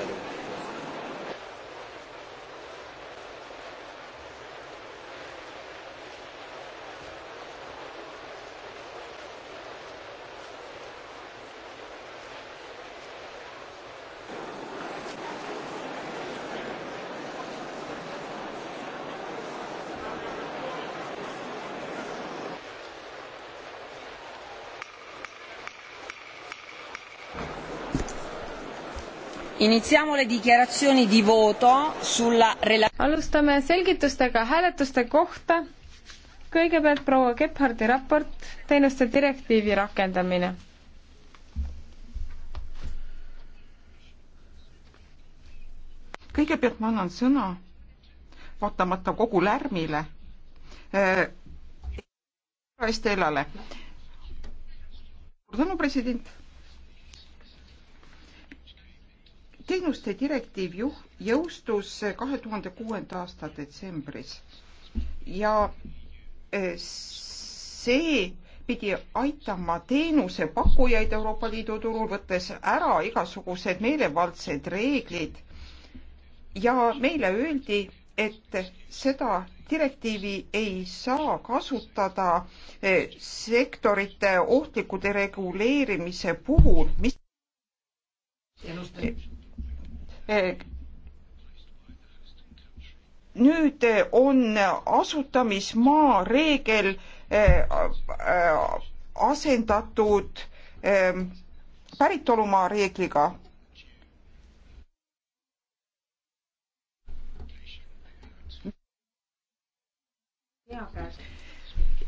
Hallelujah Iniziamo le dichiarazioni di voto sulla alustame selgitustega hääletuste kohta. kõigepealt proua Gebhardi raport, teenuste direktiivi rakendamine. kõigepealt ma annan sõna, vaatamata kogu lärmile äh,, eh, Estelale. suur tänu, president teenuste direktiiv juh-, jõustus kahe tuhande kuuenda aasta detsembris ja eh, see pidi aitama teenusepakkujaid Euroopa Liidu turul, võttes ära igasugused meelevaldsed reeglid. ja meile öeldi, et seda direktiivi ei saa kasutada eh, sektorite ohtliku dereguleerimise puhul, mis teenuste nüüd on asutamismaa reegel äh, äh, asendatud ähm, päritolumaa reegliga.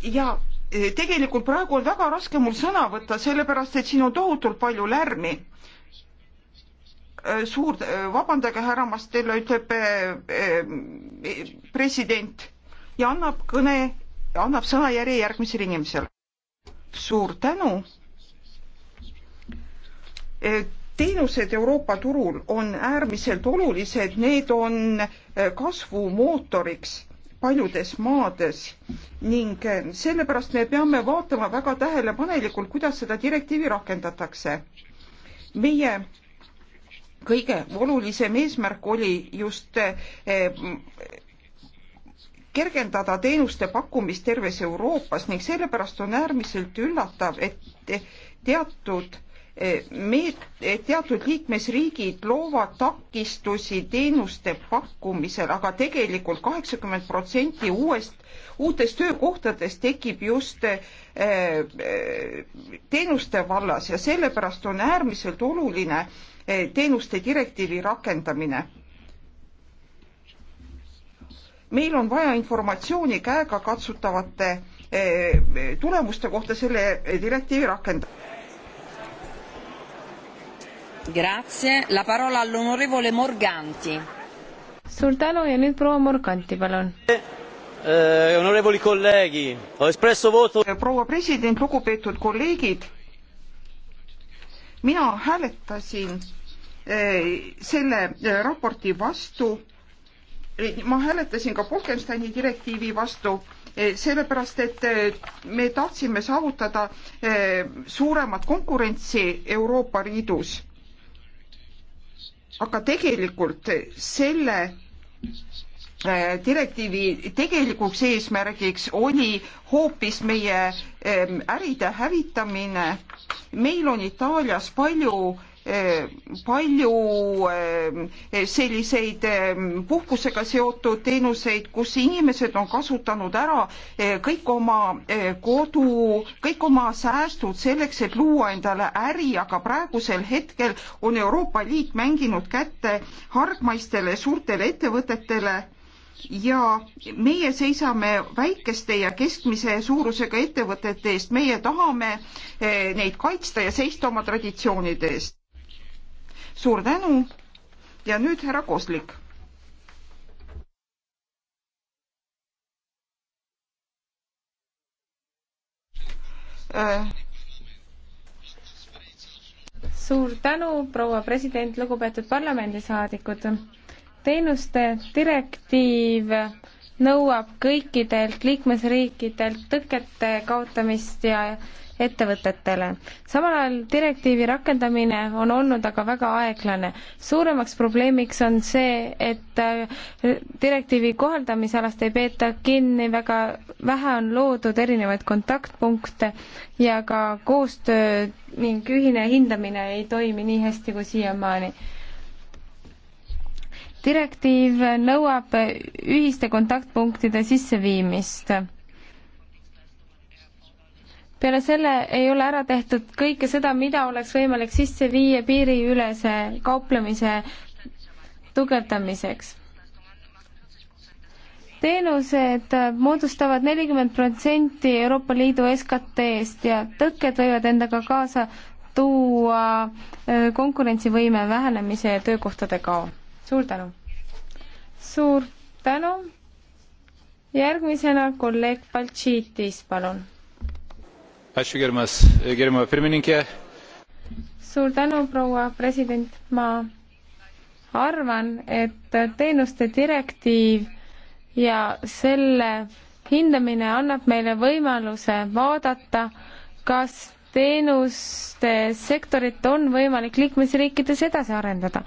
ja äh, tegelikult praegu on väga raske mul sõna võtta, sellepärast et siin on tohutult palju lärmi Äh, suur, äh, vabandage, härra Mastella, ütleb äh, president ja annab kõne, annab sõnajärje järgmisele inimesele. suur tänu. teenused Euroopa turul on äärmiselt olulised, need on kasvumootoriks paljudes maades ning sellepärast me peame vaatama väga tähelepanelikult, kuidas seda direktiivi rakendatakse. meie kõige olulisem eesmärk oli just eh, kergendada teenuste pakkumist terves Euroopas ning sellepärast on äärmiselt üllatav, et teatud eh, meet-, teatud liikmesriigid loovad takistusi teenuste pakkumisel aga, aga tegelikult kaheksakümmend protsenti uuest uutest töökohtadest tekib just eh, eh, teenuste vallas ja sellepärast on äärmiselt oluline eh, teenuste direktiivi rakendamine. meil on vaja informatsiooni käegakatsutavate tulemuste kohta selle direktiivi rakendamisel. Grazie, la parola all'onorevole Morganti. suur tänu ja nüüd proua Morganti, palun. Eh, eh, proua president, lugupeetud kolleegid, mina hääletasin eh, selle raporti vastu, ma hääletasin ka Bolkensteini direktiivi vastu sellepärast, et me tahtsime saavutada suuremat konkurentsi Euroopa Liidus. aga tegelikult selle Äh, direktiivi tegelikuks eesmärgiks oli hoopis meie ähm, äride hävitamine. meil on Itaalias palju äh, palju ähm, selliseid ähm, puhkusega seotud teenuseid, kus inimesed on kasutanud ära äh, kõik oma kodu, kõik oma säästud selleks, et luua endale äri, aga praegusel hetkel on Euroopa Liit mänginud kätte hargmaistele suurtele ettevõtetele ja meie seisame väikeste ja keskmise suurusega ettevõtete eest, meie tahame eh, neid kaitsta ja seista oma traditsioonide eest. suur tänu ja nüüd härra Koslik. suur tänu, proua president, lugupeetud parlamendisaadikud teenuste direktiiv nõuab kõikidelt liikmesriikidelt tõkete kaotamist ja ettevõtetele. samal ajal direktiivi rakendamine on olnud aga väga aeglane. suuremaks probleemiks on see, et äh, direktiivi kohaldamisalast ei peeta kinni, väga vähe on loodud erinevaid kontaktpunkte ja ka koostöö ning ühine hindamine ei toimi nii hästi kui siiamaani direktiiv nõuab ühiste kontaktpunktide sisseviimist. peale selle ei ole ära tehtud kõike seda, mida oleks võimalik sisse viia piiriülese kauplemise tugevdamiseks. teenused moodustavad nelikümmend protsenti Euroopa Liidu SKT-st ja tõkked võivad endaga kaasa tuua konkurentsivõime vähenemise ja töökohtade kao suur tänu! suur tänu! järgmisena kolleeg Baltšiitis, palun. suur tänu, proua president, ma arvan, et teenuste direktiiv ja selle hindamine annab meile võimaluse vaadata, kas teenuste sektorit on võimalik liikmesriikides edasi arendada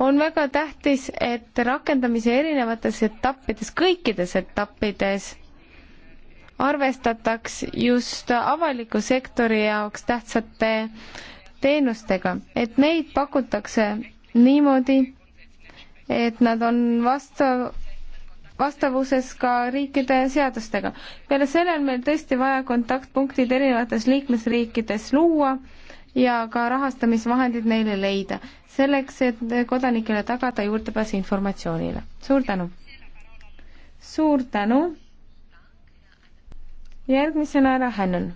on väga tähtis, et rakendamise erinevates etappides, kõikides etappides arvestataks just avaliku sektori jaoks tähtsate teenustega, et neid pakutakse niimoodi, et nad on vastav, vastavuses ka riikide seadustega. peale selle on meil tõesti vaja kontaktpunktid erinevates liikmesriikides luua ja ka rahastamisvahendid neile leida, selleks, et kodanikele tagada juurdepääs informatsioonile. suur tänu! suur tänu! järgmisena härra Hännon.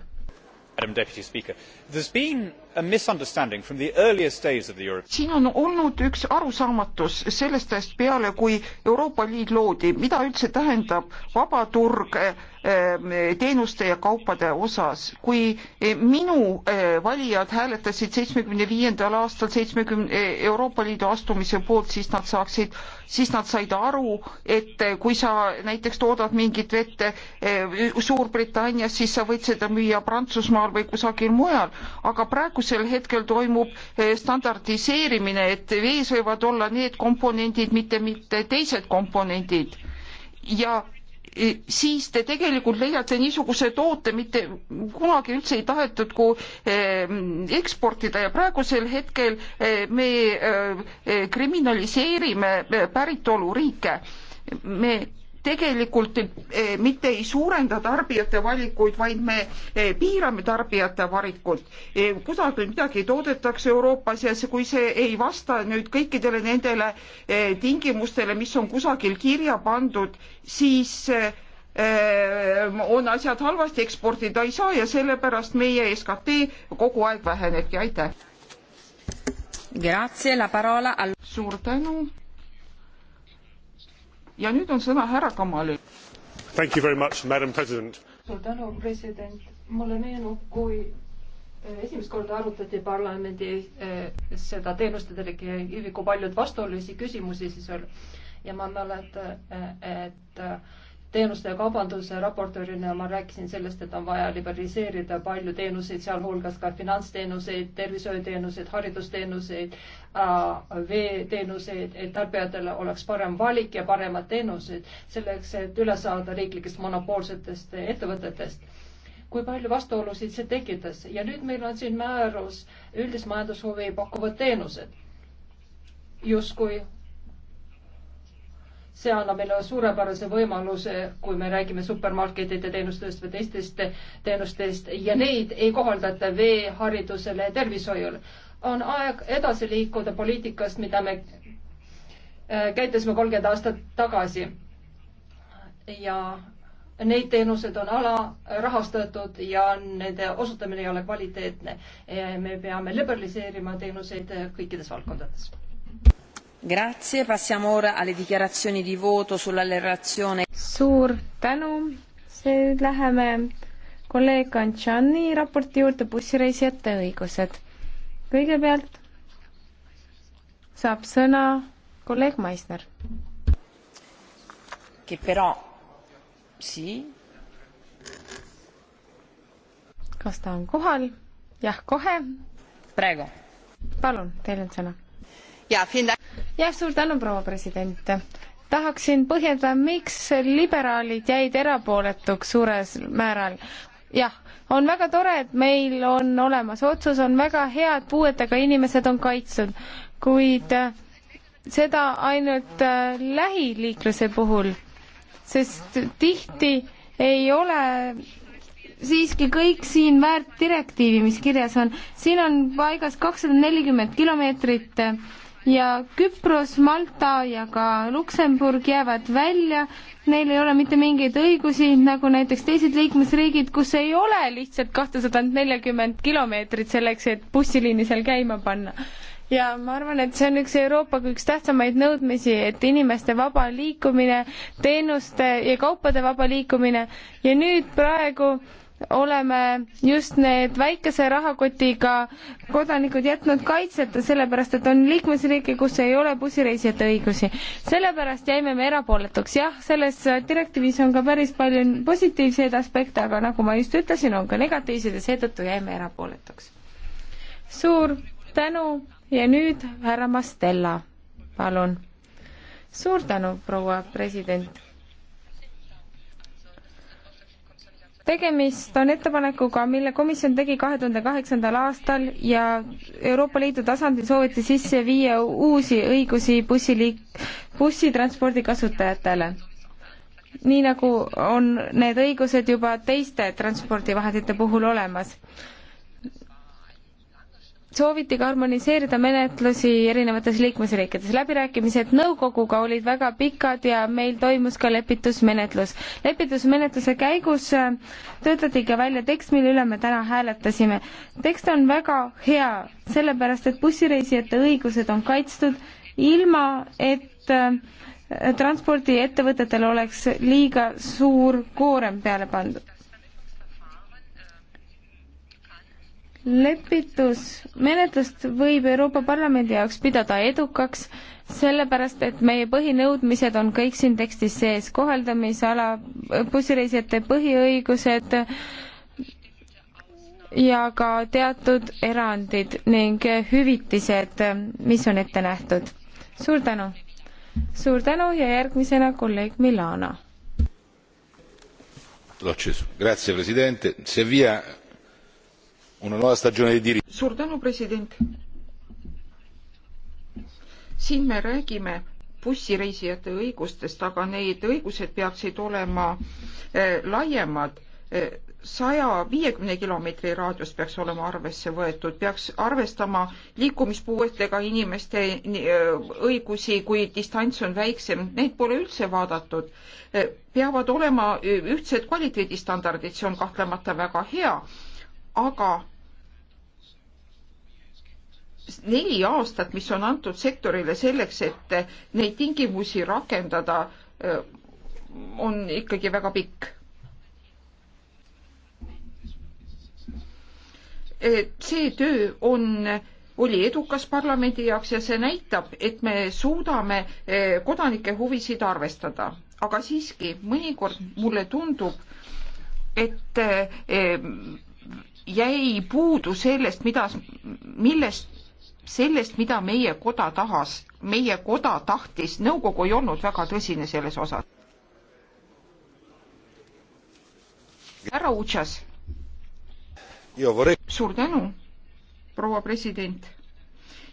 siin on olnud üks arusaamatus sellest ajast peale, kui Euroopa Liit loodi, mida üldse tähendab vaba turg äh, Ähm, teenuste ja kaupade osas. kui eh, minu eh, valijad hääletasid seitsmekümne viiendal aastal seitsmekümne eh, Euroopa Liidu astumise poolt, siis nad saaksid, siis nad said aru, et kui sa näiteks toodad mingit vett Suurbritannias, siis sa võid seda müüa Prantsusmaal või kusagil mujal, aga praegusel hetkel toimub standardiseerimine, et vees võivad olla need komponendid, mitte, mitte teised komponendid ja siis te tegelikult leiate niisuguse toote, mitte kunagi üldse ei tahetud kui eksportida ja praegusel hetkel me kriminaliseerime päritoluriike. me tegelikult eh, mitte ei suurenda tarbijate valikuid, vaid me eh, piirame tarbijate valikut. Eh, kusagil midagi toodetakse Euroopas ja see, kui see ei vasta nüüd kõikidele nendele tingimustele, mis on kusagil kirja pandud, siis on asjad halvasti, eksportida ei saa ja sellepärast meie SKT kogu aeg vähenebki, aitäh. Grazie, la parola al-. suur tänu ja nüüd on sõna härra Kamalil. suur tänu, president. mulle meenub, kui esimest korda arutati parlamendi seda teenuste delegeeriviku paljud vastuolulisi küsimusi, siis oli ja ma mäletan, et, et teenuste ja kaubanduse raportöörina ma rääkisin sellest, et on vaja liberaliseerida palju teenuseid, sealhulgas ka finantsteenuseid, tervishoiuteenuseid, haridusteenuseid, äh, veeteenuseid, et tarbijatel oleks parem valik ja paremad teenused selleks, et üle saada riiklikest monopoolsetest ettevõtetest kui palju vastuolusid see tekitas ja nüüd meil on siin määrus üldist majandushuvi pakkuvad teenused justkui see annab meile suurepärase võimaluse, kui me räägime supermarketide teenustest või teistest teenustest ja neid ei kohaldata vee, haridusele, tervishoiule. on aeg edasi liikuda poliitikast, mida me äh, käitusime kolmkümmend aastat tagasi. ja neid teenused on alarahastatud ja nende osutamine ei ole kvaliteetne. Äh, me peame liberaliseerima teenuseid kõikides valdkondades Grazie, passiamo ora alle dichiarazioni di voto sulla relazione. suur tänu, nüüd läheme kolleeg Antšani raporti juurde bussireisijate õigused. kõigepealt saab sõna kolleeg Maisner. kas ta on kohal? jah, kohe. praegu. palun, teil on sõna jah, suur tänu, proua president. tahaksin põhjendada, miks liberaalid jäid erapooletuks suures määral. jah, on väga tore, et meil on olemas otsus, on väga hea, et puuetega inimesed on kaitstud, kuid äh, seda ainult äh, lähiliikluse puhul, sest tihti ei ole siiski kõik siin väärt direktiivi, mis kirjas on. siin on paigas kakssada nelikümmend kilomeetrit äh, ja Küpros, Malta ja ka Luksemburg jäävad välja. Neil ei ole mitte mingeid õigusi, nagu näiteks teised liikmesriigid, kus ei ole lihtsalt kahtesadat neljakümmend kilomeetrit selleks, et bussiliini seal käima panna. ja ma arvan, et see on üks Euroopa üks tähtsamaid nõudmisi, et inimeste vaba liikumine, teenuste ja kaupade vaba liikumine ja nüüd praegu äh, oleme just need väikese rahakotiga kodanikud jätnud kaitseta, sellepärast et on liikmesriike, kus ei ole bussireisijate õigusi. sellepärast jäime me erapooletuks. jah, selles direktiivis on ka päris palju positiivseid aspekte, aga nagu ma just ütlesin, on ka negatiivseid ja seetõttu jäime erapooletuks. suur tänu ja nüüd härra Mastella, palun. suur tänu, proua president tegemist on ettepanekuga, mille komisjon tegi kahe tuhande kaheksandal aastal ja Euroopa Liidu tasandil sooviti sisse viia uusi õigusi bussiliik-, bussitranspordi kasutajatele. nii nagu on need õigused juba teiste transpordivahendite puhul olemas sooviti ka harmoniseerida menetlusi erinevates liikmesriikides. läbirääkimised nõukoguga olid väga pikad ja meil toimus ka lepitusmenetlus. lepitusmenetluse käigus äh, töötati ka välja tekst, mille üle me täna hääletasime. tekst on väga hea, sellepärast et bussireisijate õigused on kaitstud ilma, et äh, transpordiettevõtetel oleks liiga suur koorem peale pandud lepitusmenetlust võib Euroopa Parlamendi jaoks pidada edukaks, sellepärast et meie põhinõudmised on kõik siin tekstis sees, kohaldamisala, bussireisijate põhiõigused ja ka teatud erandid ning hüvitised, mis on ette nähtud. suur tänu! suur tänu ja järgmisena kolleeg Milana. Grazie Presidente, Sevilla suur tänu, president. siin me räägime bussireisijate õigustest, aga need õigused peaksid olema eh, laiemad. Eh, saja viiekümne kilomeetri raadius peaks olema arvesse võetud, peaks arvestama liikumispuuetega inimeste eh, õigusi, kui distants on väiksem, neid pole üldse vaadatud. peavad olema ühtsed kvaliteedistandardid, see on kahtlemata väga hea, aga neli aastat, mis on antud sektorile selleks, et eh, neid tingimusi rakendada, eh, on ikkagi väga pikk. Eh, see töö on, oli edukas parlamendi jaoks ja see näitab, et me suudame kodanike huvisid arvestada, aga siiski mõnikord mulle tundub, et jäi puudu sellest, mida, millest sellest, mida meie koda tahas, meie koda tahtis, nõukogu ei olnud väga tõsine selles osas. härra Utšas. suur tänu, proua president.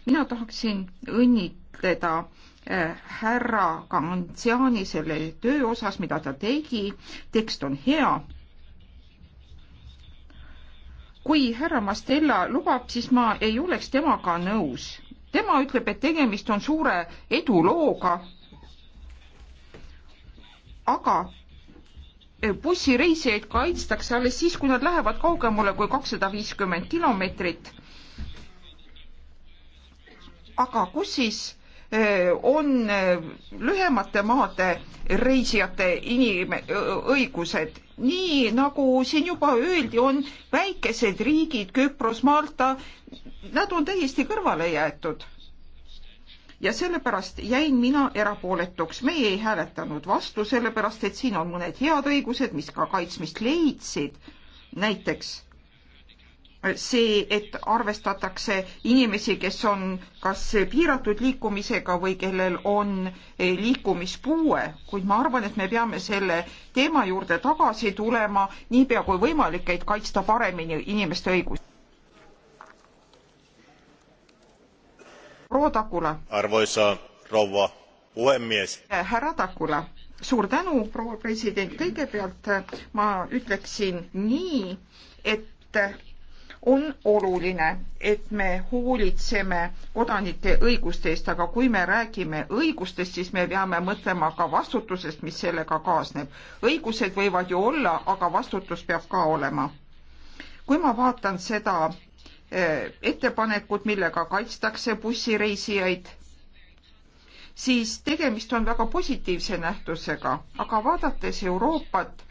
mina tahaksin õnnitleda äh, härra Kantsiani selle töö osas, mida ta tegi. tekst on hea kui härra Mastella lubab, siis ma ei oleks temaga nõus. tema ütleb, et tegemist on suure edulooga. aga e, bussireisijaid kaitstakse alles siis, kui nad lähevad kaugemale kui kakssada viiskümmend kilomeetrit. aga kus siis Äh, on äh, lühemate maade reisijate inim-, õigused. nii nagu siin juba öeldi, on väikesed riigid, Küpros, Malta, nad on täiesti kõrvale jäetud. ja sellepärast jäin mina erapooletuks, meie ei hääletanud vastu, sellepärast et siin on mõned head õigused, mis ka kaitsmist leidsid, näiteks see, et arvestatakse inimesi, kes on kas piiratud liikumisega või kellel on eh, liikumispuue, kuid ma arvan, et me peame selle teema juurde tagasi tulema niipea kui võimalik, et kaitsta paremini inimeste õigusi. proua Takula. arvoisa rouva puhemies. Eh, härra Takula, suur tänu, proua president, kõigepealt eh, ma ütleksin nii, et on oluline, et me hoolitseme kodanike õiguste eest, aga kui me räägime õigustest, siis me peame mõtlema ka vastutusest, mis sellega kaasneb. õigused võivad ju olla, aga vastutus peab ka olema. kui ma vaatan seda eh, ettepanekut, millega kaitstakse bussireisijaid, siis tegemist on väga positiivse nähtusega, aga vaadates Euroopat,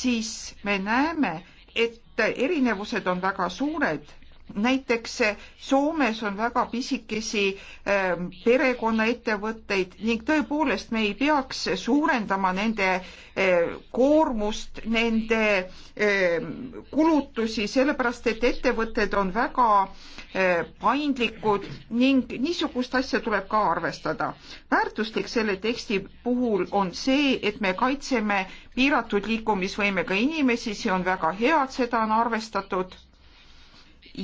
siis me näeme, et erinevused on väga suured näiteks eh, Soomes on väga pisikesi eh, perekonnaettevõtteid ning tõepoolest me ei peaks suurendama nende eh, koormust, nende kulutusi, sellepärast et ettevõtted on väga paindlikud ning niisugust asja tuleb ka arvestada. väärtuslik selle teksti puhul on see, et me kaitseme piiratud liikumisvõimega inimesi, see on väga hea, et seda on arvestatud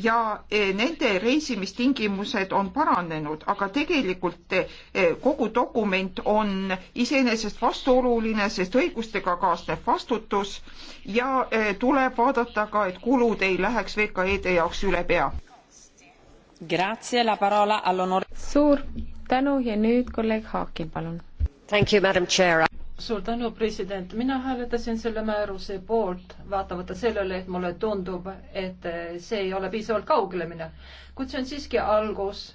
ja e, nende reisimistingimused on paranenud, aga tegelikult e, e, kogu dokument on iseenesest vastuoluline, sest õigustega kaasneb vastutus ja tuleb vaadata ka, et kulud ei läheks VKE-de jaoks üle pea. suur tänu ja nüüd kolleeg Haakin, palun suur tänu, president. mina hääletasin selle määruse poolt, vaatamata sellele, et mulle tundub, et see ei ole piisavalt kaugele minev. kuid see on siiski algus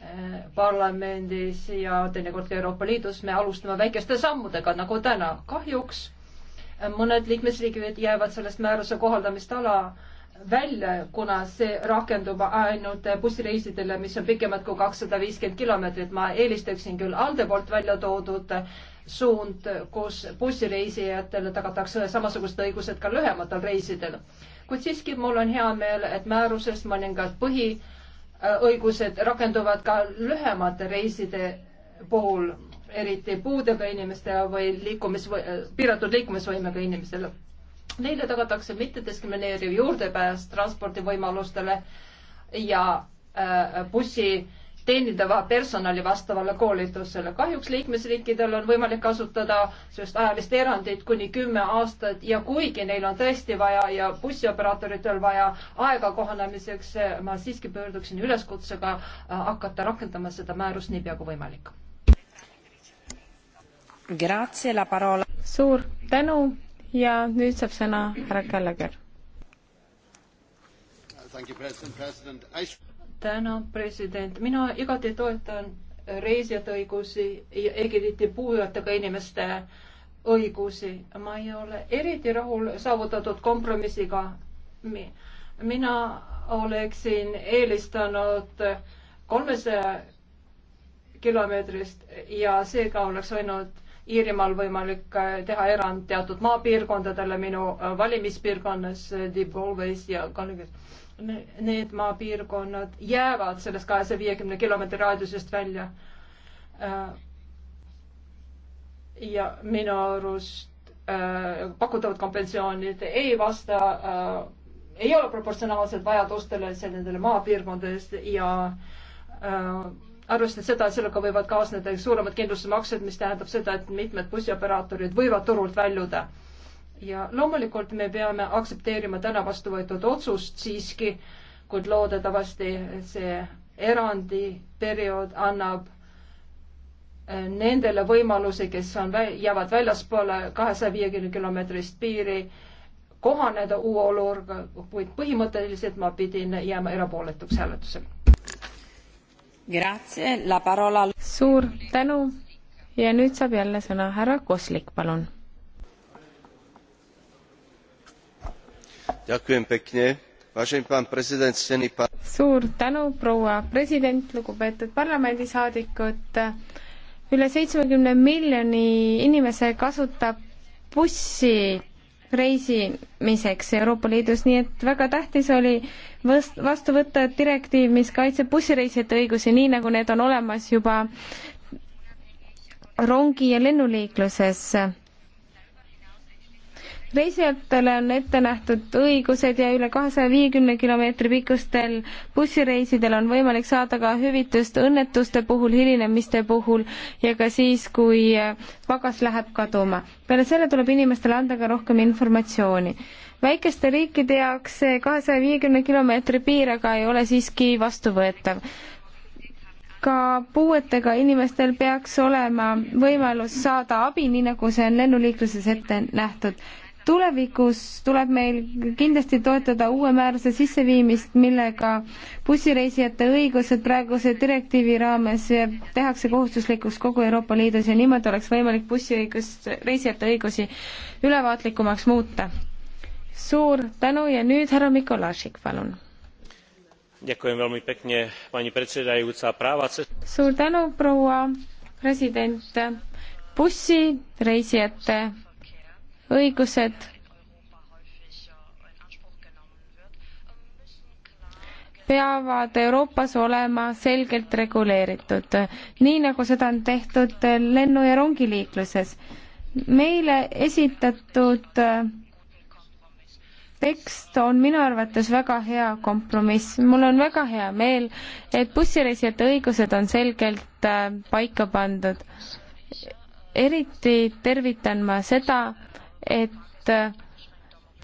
eh, parlamendis ja teinekord ka Euroopa Liidus me alustame väikeste sammudega, nagu täna. kahjuks eh, mõned liikmesriigid jäävad sellest määruse kohaldamist ala välja, kuna see rakendub ainult bussireisidele, mis on pikemad kui kakssada viiskümmend kilomeetrit. ma eelistaksin küll ALDE poolt välja toodud suund, kus bussireisijatele tagatakse samasugused õigused ka lühematel reisidel. kuid siiski mul on hea meel, et määruses mõningad põhiõigused rakenduvad ka lühemate reiside puhul, eriti puudega inimeste või liikumis, piiratud liikumisvõimega inimestele. Neile tagatakse mittediskrimineeriv juurdepääs transpordivõimalustele ja äh, bussi äh, teenindava personali vastavale koolitusele. kahjuks liikmesriikidel on võimalik kasutada sellist ajalist erandit kuni kümme aastat ja kuigi neil on tõesti vaja ja bussioperatoritel vaja aega kohanemiseks, ma siiski pöörduksin üleskutsega äh, hakata rakendama seda määrust niipea kui võimalik. suur tänu ja nüüd saab sõna härra Källeker. President, president. I tänan, president. mina igati toetan reisijate õigusi ja eriti puudujatega inimeste õigusi. ma ei ole eriti rahul saavutatud kompromissiga. mina oleksin eelistanud kolmesaja kilomeetrist ja seega oleks võinud Iirimaal võimalik äh, teha erand teatud maapiirkondadele minu äh, valimispiirkonnas, Deep äh, Galways ja Galway need maapiirkonnad jäävad sellest kahesaja viiekümne kilomeetri raadiusest välja. Äh, ja minu arust äh, pakutavad kompensatsioonid ei vasta, äh, ei ole proportsionaalsed vajadustele nendele maapiirkondadest ja arvestades seda, et sellega võivad kaasneda suuremad kindlustusmaksed, mis tähendab seda, et mitmed bussioperaatorid võivad turult väljuda ja loomulikult me peame aktsepteerima täna vastu võetud otsust siiski, kuid loodetavasti see erandiperiood annab eh, nendele võimalusi, kes on, jäävad väljaspoole kahesaja viiekümne kilomeetrist piiri, kohaneda uue olukorraga, kuid põhimõtteliselt ma pidin jääma erapooletuks hääletusel. suur tänu ja nüüd saab jälle sõna härra Koslik, palun suur tänu, proua president, lugupeetud parlamendisaadikud. üle seitsmekümne miljoni inimese kasutab bussi reisimiseks Euroopa Liidus, nii et väga tähtis oli vast-, vastu võtta direktiiv, mis kaitseb bussireisijate õigusi, nii nagu need on olemas juba rongi- ja lennuliikluses reisijatele on ette nähtud õigused ja üle kahesaja viiekümne kilomeetri pikkustel bussireisidel on võimalik saada ka hüvitust õnnetuste puhul, hilinemiste puhul ja ka siis, kui äh, pagas läheb kaduma. peale selle tuleb inimestele anda ka rohkem informatsiooni. väikeste riikide jaoks see kahesaja viiekümne kilomeetri piir aga ei ole siiski vastuvõetav ka puuetega inimestel peaks olema võimalus saada abi, nii nagu see on lennuliikluses ette nähtud tulevikus tuleb meil kindlasti toetada uue määruse sisseviimist, millega bussireisijate õigused praeguse direktiivi raames tehakse kohustuslikuks kogu Euroopa Liidus ja niimoodi oleks võimalik bussiõigust, reisijate õigusi ülevaatlikumaks muuta. suur tänu ja nüüd härra Mikolašik, palun. suur tänu, proua president. bussireisijate õigused peavad Euroopas olema selgelt reguleeritud, nii nagu seda on tehtud lennu- ja rongiliikluses. meile esitatud tekst on minu arvates väga hea kompromiss. mul on väga hea meel, et bussireisijate õigused on selgelt äh, paika pandud. eriti tervitan ma seda, et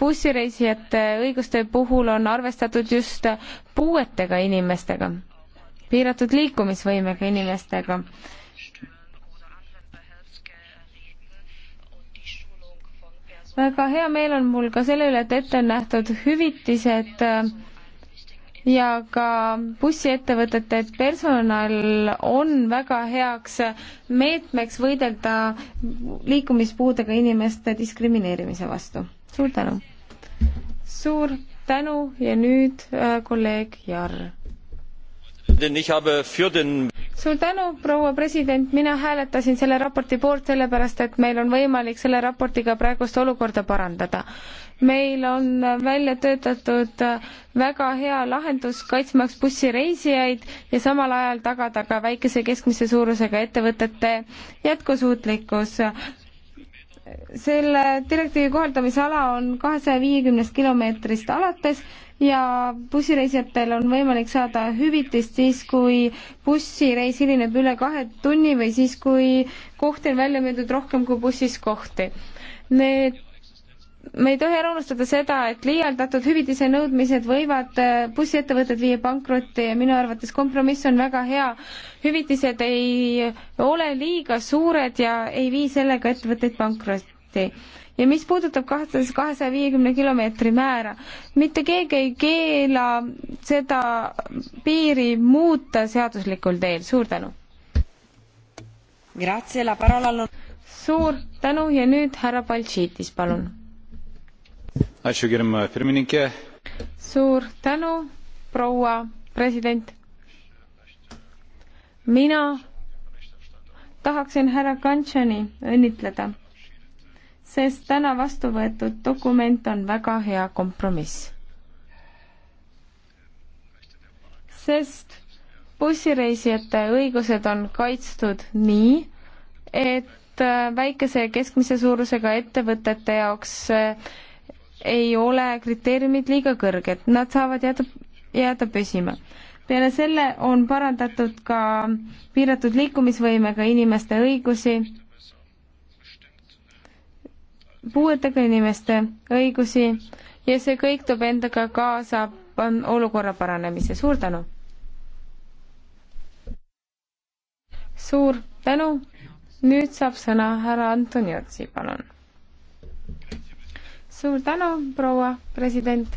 bussireisijate õiguste puhul on arvestatud just puuetega inimestega, piiratud liikumisvõimega inimestega. väga hea meel on mul ka selle üle, et ette on nähtud hüvitised et ja ka bussiettevõtete personal on väga heaks meetmeks võidelda liikumispuudega inimeste diskrimineerimise vastu. suur tänu! suur tänu ja nüüd äh, kolleeg Jarr. suur tänu, proua president, mina hääletasin selle raporti poolt sellepärast, et meil on võimalik selle raportiga praegust olukorda parandada meil on välja töötatud väga hea lahendus kaitsmaks bussireisijaid ja samal ajal tagada ka väikese keskmise suurusega ettevõtete jätkusuutlikkus. selle direktiivi kohaldamisala on kahesaja viiekümnest kilomeetrist alates ja bussireisijatel on võimalik saada hüvitist siis, kui bussireis hilineb üle kahe tunni või siis, kui kohti on välja müüdud rohkem kui bussis kohti. Need me ei tohi ära unustada seda, et liialdatud hüvitise nõudmised võivad äh, bussiettevõtted viia pankrotti ja minu arvates kompromiss on väga hea. hüvitised ei ole liiga suured ja ei vii sellega ettevõtteid pankrotti ja mis puudutab kahtesajas, kahesaja viiekümne kilomeetri määra, mitte keegi ei keela seda piiri muuta seaduslikul teel, suur tänu! suur tänu ja nüüd härra Baltšiitis, palun suur tänu, proua president. mina tahaksin härra Kantšani õnnitleda, sest täna vastu võetud dokument on väga hea kompromiss. sest bussireisijate õigused on kaitstud nii, et väikese ja keskmise suurusega ettevõtete jaoks äh, ei ole kriteeriumid liiga kõrged, nad saavad jääda, jääda püsima. peale selle on parandatud ka piiratud liikumisvõimega inimeste õigusi, puuetega inimeste õigusi ja see kõik toob endaga kaasa olukorra paranemise, suur tänu! suur tänu, nüüd saab sõna härra Anton Jõrtsi, palun suur tänu, proua president.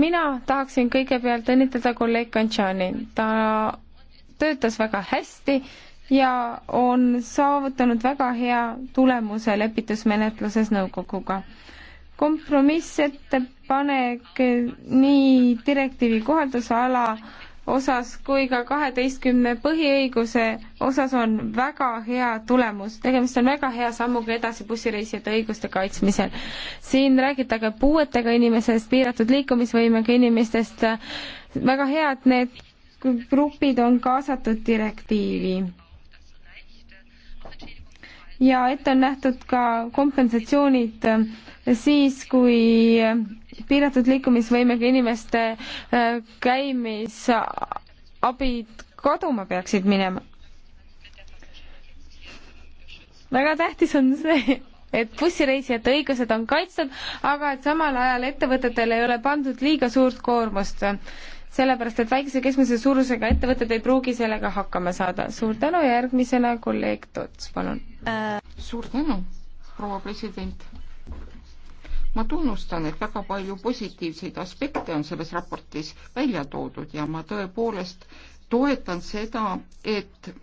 mina tahaksin kõigepealt õnnitleda kolleeg Kantšani. ta töötas väga hästi ja on saavutanud väga hea tulemuse lepitusmenetluses nõukoguga kompromissettepanek nii direktiivi kohaldusala osas kui ka kaheteistkümne põhiõiguse osas on väga hea tulemus. tegemist on väga hea sammuga edasi bussireisijate õiguste kaitsmisel. siin räägitakse puuetega inimesest, piiratud liikumisvõimega inimestest. väga hea, et need grupid on kaasatud direktiivi. ja ette on nähtud ka kompensatsioonid siis, kui piiratud liikumisvõimega inimeste äh, käimisabid kaduma peaksid minema. väga tähtis on see, et bussireisijate õigused on kaitstud, aga et samal ajal ettevõtetele ei ole pandud liiga suurt koormust, sellepärast et väikese keskmise suurusega ettevõtted ei pruugi sellega hakkama saada. suur tänu ja järgmisena kolleeg Toots, palun äh,. suur tänu, proua president ma tunnustan, et väga palju positiivseid aspekte on selles raportis välja toodud ja ma tõepoolest toetan seda, et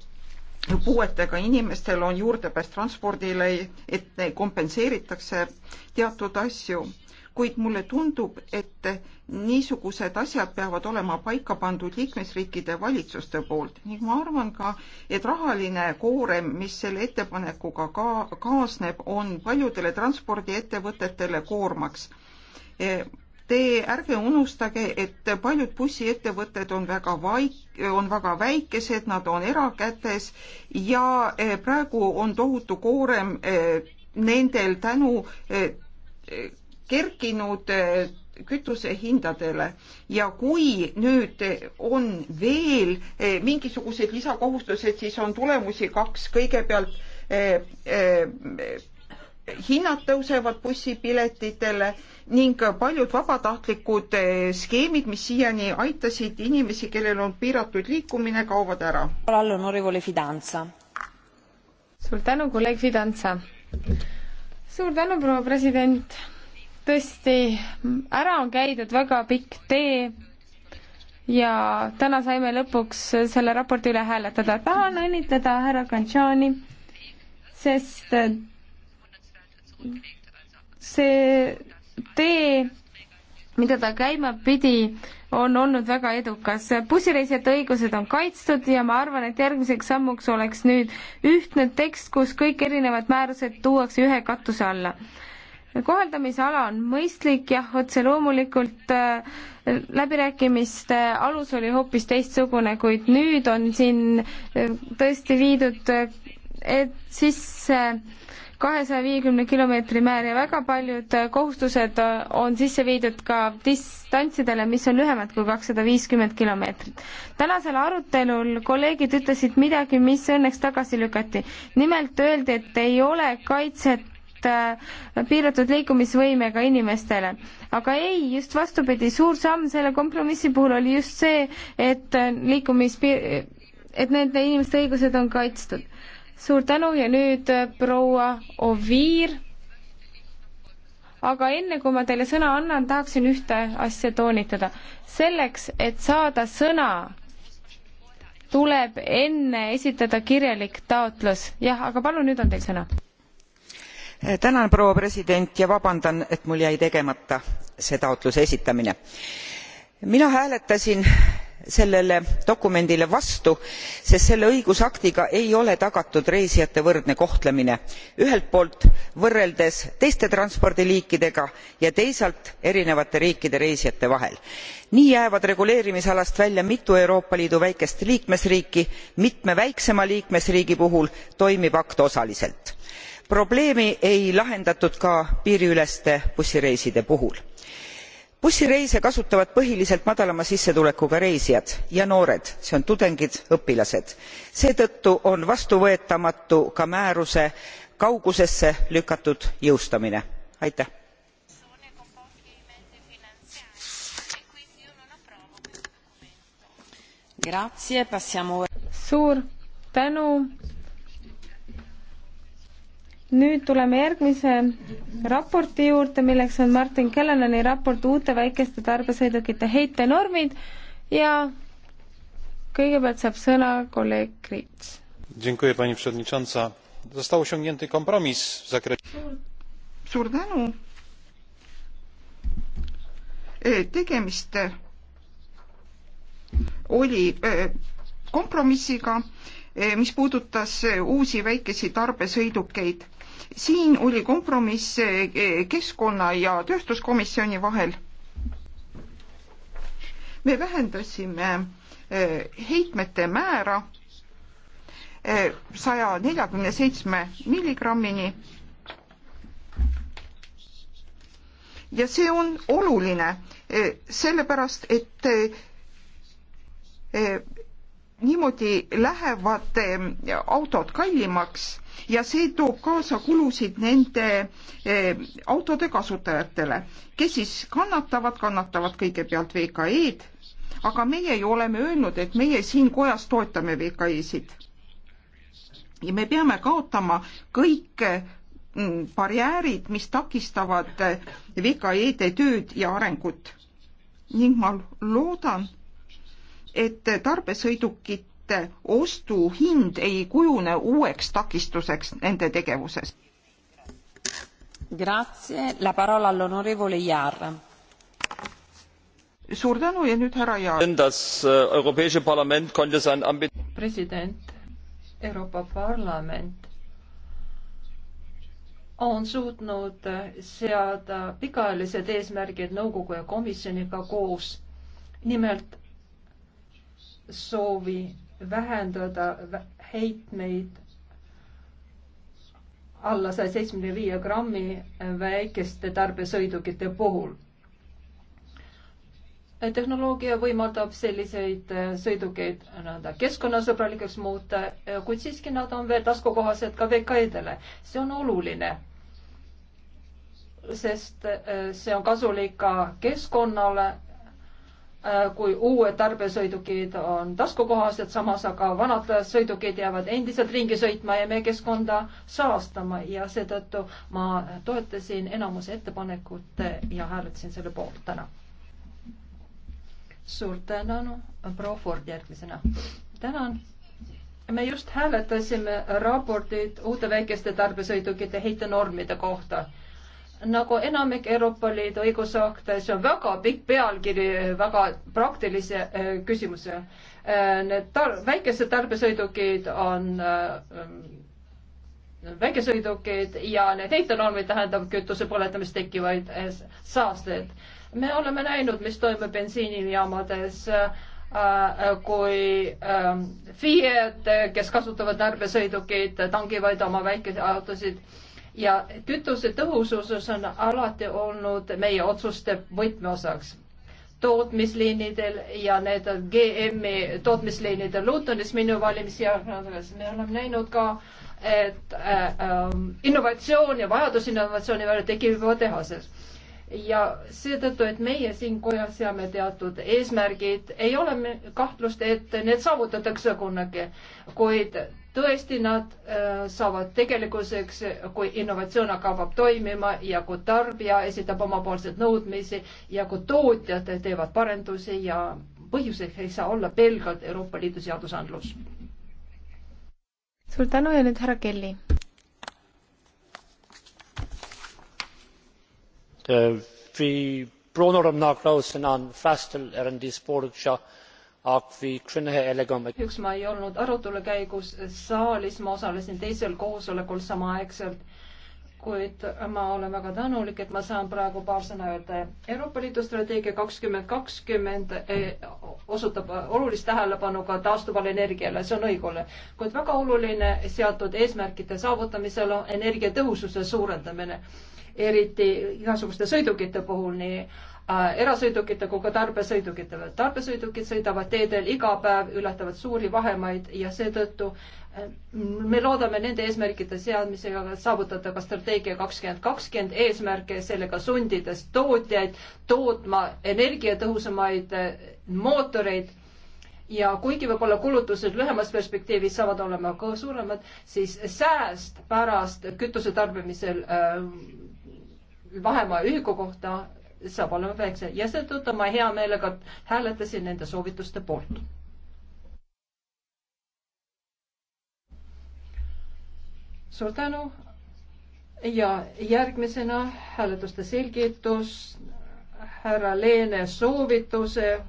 puuetega inimestel on juurdepääs transpordile, et kompenseeritakse teatud asju, kuid mulle tundub, et niisugused asjad peavad olema paika pandud liikmesriikide valitsuste poolt ning ma arvan ka, et rahaline koorem, mis selle ettepanekuga ka kaasneb, on paljudele transpordiettevõtetele koormaks Te ärge unustage, et paljud bussiettevõtted on väga vaik-, on väga väikesed, nad on erakätes ja eh, praegu on tohutu koorem eh, nendel tänu eh, kerkinud kütusehindadele ja kui nüüd on veel mingisugused lisakohustused, siis on tulemusi kaks, kõigepealt hinnad tõusevad bussipiletitele ning paljud vabatahtlikud eh, skeemid, mis siiani aitasid inimesi, kellel on piiratud liikumine, kaovad ära. suur tänu, kolleeg Fidanza. suur tänu, proua president. tõesti, ära on käidud väga pikk tee ja täna saime lõpuks selle raporti üle hääletada. tahan õnnitleda härra Kanchani, sest see tee, mida ta käima pidi, on olnud väga edukas. bussireisijate õigused on kaitstud ja ma arvan, et järgmiseks sammuks oleks nüüd ühtne tekst, kus kõik erinevad määrused tuuakse ühe katuse alla kohaldamisala on mõistlik, jah, otse loomulikult äh, läbirääkimiste alus oli hoopis teistsugune, kuid nüüd on siin äh, tõesti viidud äh, et sisse äh, kahesaja viiekümne kilomeetri määr ja väga paljud äh, kohustused äh, on sisse viidud ka distantsidele, mis on lühemad kui kakssada viiskümmend kilomeetrit. tänasel arutelul kolleegid ütlesid midagi, mis õnneks tagasi lükati. nimelt öeldi, et ei ole kaitset äh, piiratud liikumisvõimega inimestele. aga ei, just vastupidi, suur samm selle kompromissi puhul oli just see, et liikumispiir, et nende inimeste õigused on kaitstud suur tänu ja nüüd äh, proua Oviir. aga enne kui ma teile sõna annan, tahaksin ühte asja toonitada. selleks, et saada sõna, tuleb enne esitada kirjalik taotlus. jah, aga palun, nüüd on teil sõna. Eh, tänan, proua president ja vabandan, et mul jäi tegemata see taotluse esitamine. mina hääletasin sellele dokumendile vastu sest selle õigusaktiga ei ole tagatud reisijate võrdne kohtlemine ühelt poolt võrreldes teiste transpordiliikidega ja teisalt erinevate riikide reisijate vahel. nii jäävad reguleerimisalast välja mitu euroopa liidu väikest liikmesriiki mitme väiksema liikmesriigi puhul toimib akt osaliselt. probleemi ei lahendatud ka piiriüleste bussireiside puhul bussireise kasutavad põhiliselt madalama sissetulekuga reisijad ja noored see on tudengid õpilased. seetõttu on vastuvõetamatu ka määruse kaugusesse lükatud jõustamine. aitäh! suur tänu! nüüd tuleme järgmise raporti juurde, milleks on Martin Kellenani raport uute väikeste tarbesõidukite heitenormid ja kõigepealt saab sõna kolleeg Kriits. suur tänu. E, tegemist oli e, kompromissiga, e, mis puudutas uusi väikesi tarbesõidukeid siin oli kompromiss eh, keskkonna ja tööstuskomisjoni vahel. me vähendasime eh, heitmete määra eh, saja neljakümne seitsme milligrammini. ja see on oluline sellepärast, et niimoodi lähevad autod kallimaks ja see toob kaasa kulusid nende eh, autode kasutajatele, kes siis kannatavad, kannatavad kõigepealt VKE-d, aga meie ju oleme öelnud, et meie siin kojas toetame VKE-sid. ja me peame kaotama kõik mm, barjäärid, mis takistavad eh, VKE-de tööd ja arengut. ning ma loodan, et tarbesõidukid et ostuhind ei kujune uueks takistuseks nende tegevuses. suur tänu ja nüüd härra Jaar. Äh, president, Euroopa Parlament on suutnud äh, seada pikaajalised eesmärgid nõukogu ja komisjoniga koos. nimelt soovi vähendada heitmeid alla saja seitsmekümne viie grammi äh, väikeste tarbesõidukite puhul. Äh, tehnoloogia võimaldab selliseid äh, sõidukeid nii-öelda keskkonnasõbralikeks muuta, kuid siiski nad on veel taskukohased ka VKE-dele. see on oluline, sest see on kasulik ka keskkonnale Äh, kui uued tarbesõidukid on taskukohased, samas aga vanad sõidukid jäävad endiselt ringi sõitma ja meie keskkonda saastama ja seetõttu ma toetasin enamuse ettepanekut ja hääletasin selle poolt täna. suur tänu, proua Ford järgmisena. tänan. me just hääletasime raportit uute väikeste tarbesõidukite heitenormide kohta nagu enamik Euroopa Liidu õigusakte, see on väga pikk pealkiri väga praktilise äh, küsimuse äh,. Need tar-, väikesed tarbesõidukid on äh, ähm, väikesõidukid ja need heitenormid tähendab kütuse põletamist tekkivaid äh, saasteid. me oleme näinud, mis toimub bensiinijaamades äh, äh kui ähm, FIE-d, äh, kes kasutavad tarbesõidukeid, tangivad oma väikeseid autosid äh, ja kütuse tõhususes on alati olnud meie otsuste võtmeosaks tootmisliinidel ja need on GM-i e tootmisliinidel Lutonis minu valimisjaoskonnas. me oleme näinud ka, et äh, ähm, innovatsioon ja vajadus innovatsiooni välja tekib juba tehases. ja seetõttu, et meie siin kojas seame teatud eesmärgid, ei ole kahtlust, et need saavutatakse kunagi, kuid tõesti nad äh, saavad tegelikkuseks, kui innovatsioon hakkab toimima ja kui tarbija esitab omapoolseid nõudmisi ja kui tootjad teevad parendusi ja põhjuseks ei saa olla pelgalt Euroopa Liidu seadusandlus. suur tänu ja nüüd härra Kelly. Bhí brónar am nach raibh san an freastal ar an dtí spóireacht seo kahjuks ma ei olnud arutelu käigus saalis, ma osalesin teisel koosolekul samaaegselt, kuid ma olen väga tänulik, et ma saan praegu paar sõna öelda. Euroopa Liidu strateegia kakskümmend kakskümmend e, osutab olulist tähelepanu ka taastuvale energiale, see on õigele, kuid väga oluline seatud eesmärkide saavutamisel on energiatõhususe suurendamine, eriti igasuguste sõidukite puhul, nii Äh, erasõidukite kui ka tarbesõidukitele. tarbesõidukid sõidavad teedel iga päev, ületavad suuri vahemaid ja seetõttu äh, me loodame nende eesmärkide seadmisega saavutada ka strateegia kakskümmend kakskümmend eesmärke, sellega sundides tootjaid tootma energiatõhusamaid äh, mootoreid ja kuigi võib-olla kulutused lühemas perspektiivis saavad olema ka suuremad, siis sääst pärast kütuse tarbimisel äh, vahemaa ühiku kohta saab olema väiksem ja seetõttu ma hea meelega hääletasin nende soovituste poolt. suur tänu ja järgmisena hääletuste selgitus härra Leene soovituse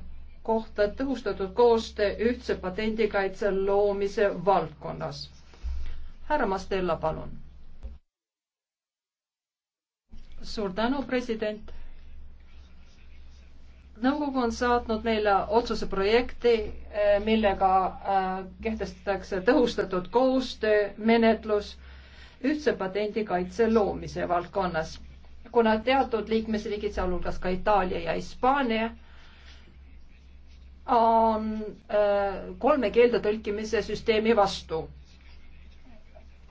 kohta tõhustatud koostöö ühtse patendikaitse loomise valdkonnas. härra Mastella, palun. suur tänu, president nõukogu on saatnud meile otsuse projekti, eh, millega eh, kehtestatakse tõhustatud koostöömenetlus ühtse patendikaitse loomise valdkonnas. kuna teatud liikmesriigid, sealhulgas ka Itaalia ja Hispaania, on eh, kolme keelde tõlkimise süsteemi vastu.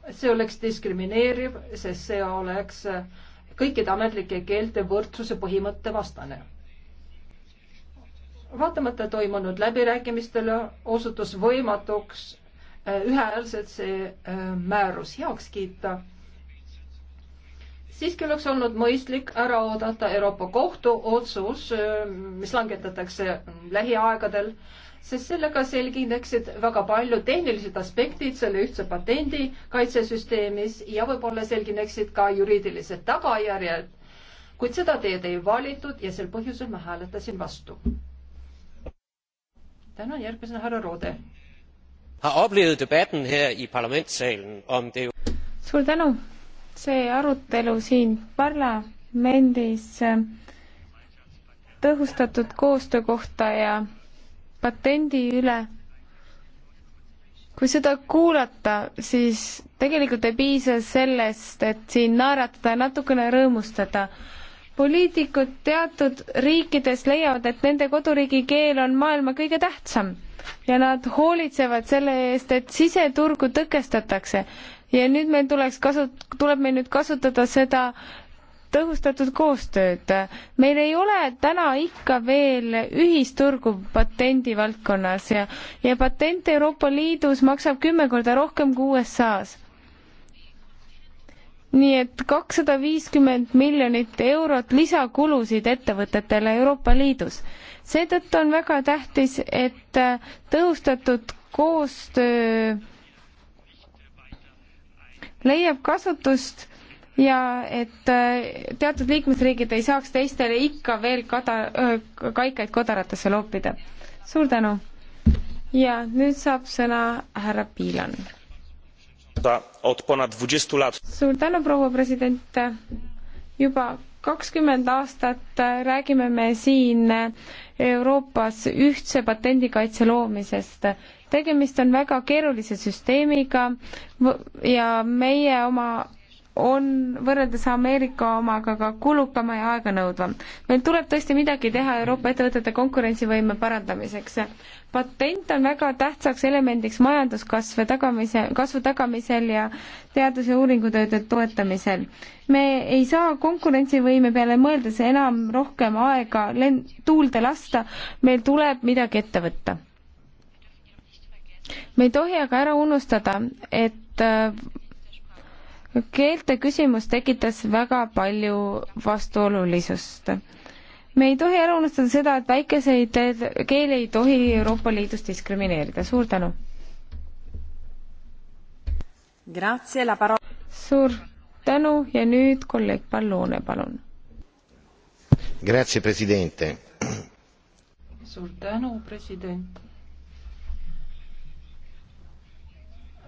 see oleks diskrimineeriv, sest see oleks kõikide ametlike keelte võrdsuse põhimõtte vastane vaatamata toimunud läbirääkimistele osutus võimatuks äh, ühehäälselt see äh, määrus heaks kiita. siiski oleks olnud mõistlik ära oodata Euroopa Kohtu otsus, äh, mis langetatakse lähiaegadel, sest sellega selgineksid väga paljud tehnilised aspektid selle ühtse patendi kaitsesüsteemis ja võib-olla selgineksid ka juriidilised tagajärjed, kuid seda teed ei valitud ja sel põhjusel ma hääletasin vastu tänan, järgmisena härra Roode. suur tänu, see arutelu siin parlamendis äh, tõhustatud koostöö kohta ja patendi üle. kui seda kuulata, siis tegelikult ei piisa sellest, et siin naeratada ja natukene rõõmustada poliitikud teatud riikides leiavad, et nende koduriigi keel on maailma kõige tähtsam ja nad hoolitsevad selle eest, et siseturgu tõkestatakse. ja nüüd meil tuleks kasu-, tuleb meil nüüd kasutada seda tõhustatud koostööd. meil ei ole täna ikka veel ühisturgu patendi valdkonnas ja, ja patent Euroopa Liidus maksab kümme korda rohkem kui USA-s nii et kakssada viiskümmend miljonit eurot lisakulusid ettevõtetele Euroopa Liidus. seetõttu on väga tähtis, et äh, tõhustatud koostöö leiab kasutust ja et äh, teatud liikmesriigid ei saaks teistele ikka veel kada-, äh, kaikaid kodaratesse loopida. suur tänu! ja nüüd saab sõna härra Piilan suur tänu, proua president. juba kakskümmend aastat räägime me siin Euroopas ühtse patendikaitse loomisest. tegemist on väga keerulise süsteemiga ja meie oma on võrreldes Ameerika omaga ka kulukam ja aeganõudvam. meil tuleb tõesti midagi teha Euroopa ettevõtete konkurentsivõime parandamiseks. patent on väga tähtsaks elemendiks majanduskasve tagamise, kasvu tagamisel ja teadus- ja uuringutööde toetamisel. me ei saa konkurentsivõime peale mõeldes enam rohkem aega len-, tuulde lasta, meil tuleb midagi ette võtta. me ei tohi aga ära unustada, et äh, keelte küsimus tekitas väga palju vastuolulisust. me ei tohi ära unustada seda, et väikeseid keeli ei tohi Euroopa Liidus diskrimineerida, suur tänu! suur tänu ja nüüd kolleeg Pallone, palun! suur tänu, president!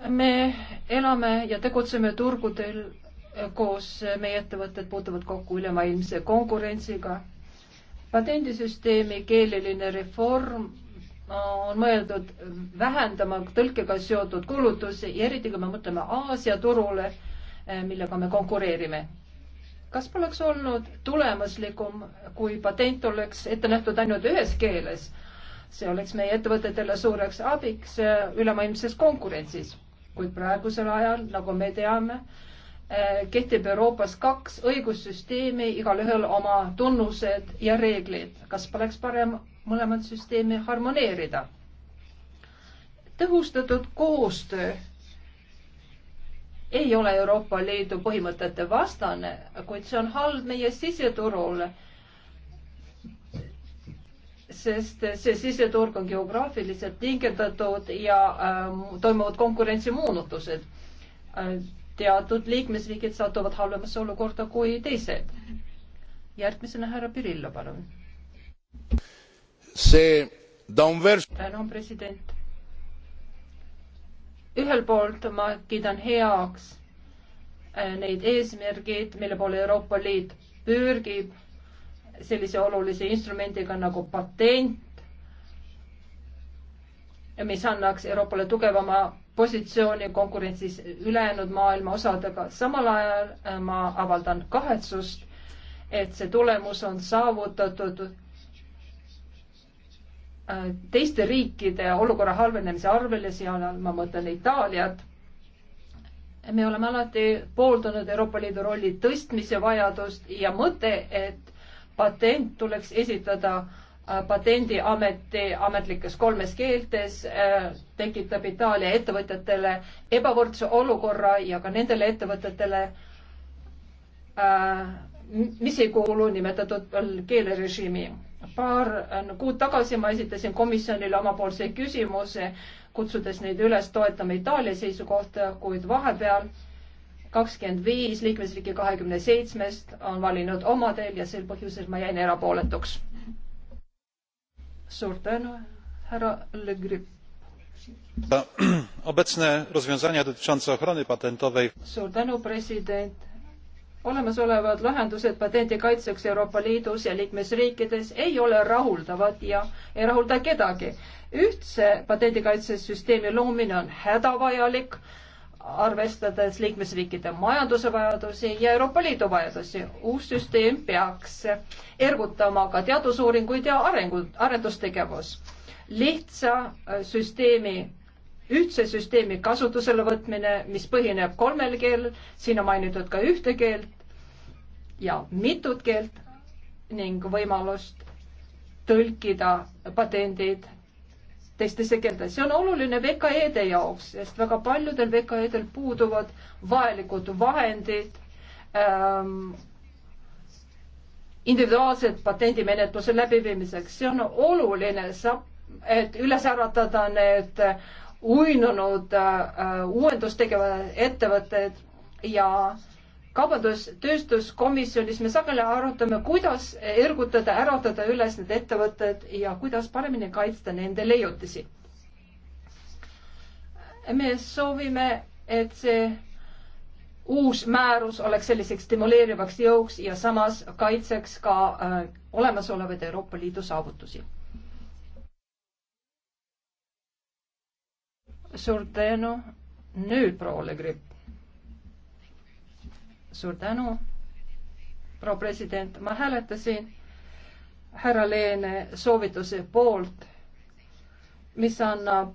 me elame ja tegutseme turgudel eh, koos, eh, meie ettevõtted puutuvad kokku ülemaailmse konkurentsiga. patendisüsteemi keeleline reform eh, on mõeldud vähendama tõlkega seotud kulutusi ja eriti kui me mõtleme Aasia turule, millega me konkureerime. kas poleks olnud tulemuslikum, kui patent oleks ette nähtud ainult ühes keeles? see oleks meie ettevõtetele suureks abiks ülemaailmses konkurentsis kuid praegusel ajal, nagu me teame, eh, kehtib Euroopas kaks õigussüsteemi, igalühel oma tunnused ja reeglid. kas poleks parem mõlemat süsteemi harmoneerida? tõhustatud koostöö ei ole Euroopa Liidu põhimõtete vastane, kuid see on halb meie siseturule sest see siseturg on geograafiliselt tingendatud ja äh, toimuvad konkurentsimoonutused äh,. teatud liikmesriigid satuvad halvemasse olukorda kui teised. järgmisena härra Pirillo, palun. see downvers-. tänan, president. ühelt poolt ma kiidan heaks äh, neid eesmärgid, mille poole Euroopa Liit pürgib sellise olulise instrumendiga nagu patent, mis annaks Euroopale tugevama positsiooni konkurentsis ülejäänud maailma osadega. samal ajal äh, ma avaldan kahetsust, et see tulemus on saavutatud äh, teiste riikide olukorra halvenemise arvel ja seal ma mõtlen Itaaliat. me oleme alati pooldanud Euroopa Liidu rolli tõstmise vajadust ja mõte, et patent tuleks esitada äh, patendiameti ametlikes kolmes keeltes äh, tekitab Itaalia ettevõtjatele ebavõrdse olukorra ja ka nendele ettevõtetele, äh, mis ei kuulu nimetatud keelerežiimi. paar kuud tagasi ma esitasin komisjonile omapoolse küsimuse, kutsudes neid üles toetama Itaalia seisukohta, kuid vahepeal äh, kakskümmend viis liikmesriiki kahekümne seitsmest on valinud oma teel ja sel põhjusel ma jäin erapooletuks. suur tänu, härra Le Grip. obecne rozwiązania dotyczące ochrony patentowej. suur tänu, president. olemasolevad lahendused patendi kaitseks Euroopa Liidus ja liikmesriikides ei ole rahuldavad ja ei rahulda kedagi. ühtse patendikaitsesüsteemi loomine on hädavajalik arvestades liikmesriikide majanduse vajadusi ja Euroopa Liidu vajadusi. uus süsteem peaks ergutama ka teadusuuringuid ja arengu, arendustegevus. lihtsa äh, süsteemi, ühtse süsteemi kasutusele võtmine, mis põhineb kolmel keelel, siin on mainitud ka ühte keelt ja mitut keelt ning võimalust tõlkida patendid teistesse keeltes. see on oluline VKE-de jaoks, sest väga paljudel VKE-del puuduvad vajalikud vahendid ähm, individuaalset patendimenetluse läbiviimiseks. see on oluline, et üles äratada need äh, uinunud äh, äh uuendustegeva ettevõtted ja äh, kaubandus-tööstuskomisjonis me sageli arutame, kuidas ergutada, äratada üles need ettevõtted ja kuidas paremini kaitsta nende leiutisi. me soovime, et see uus määrus oleks selliseks stimuleerivaks jõuks ja samas kaitseks ka äh, olemasolevaid Euroopa Liidu saavutusi. suur tänu, nüüd proua Legripp suur tänu, proua president, ma hääletasin härra Leene soovituse poolt, mis annab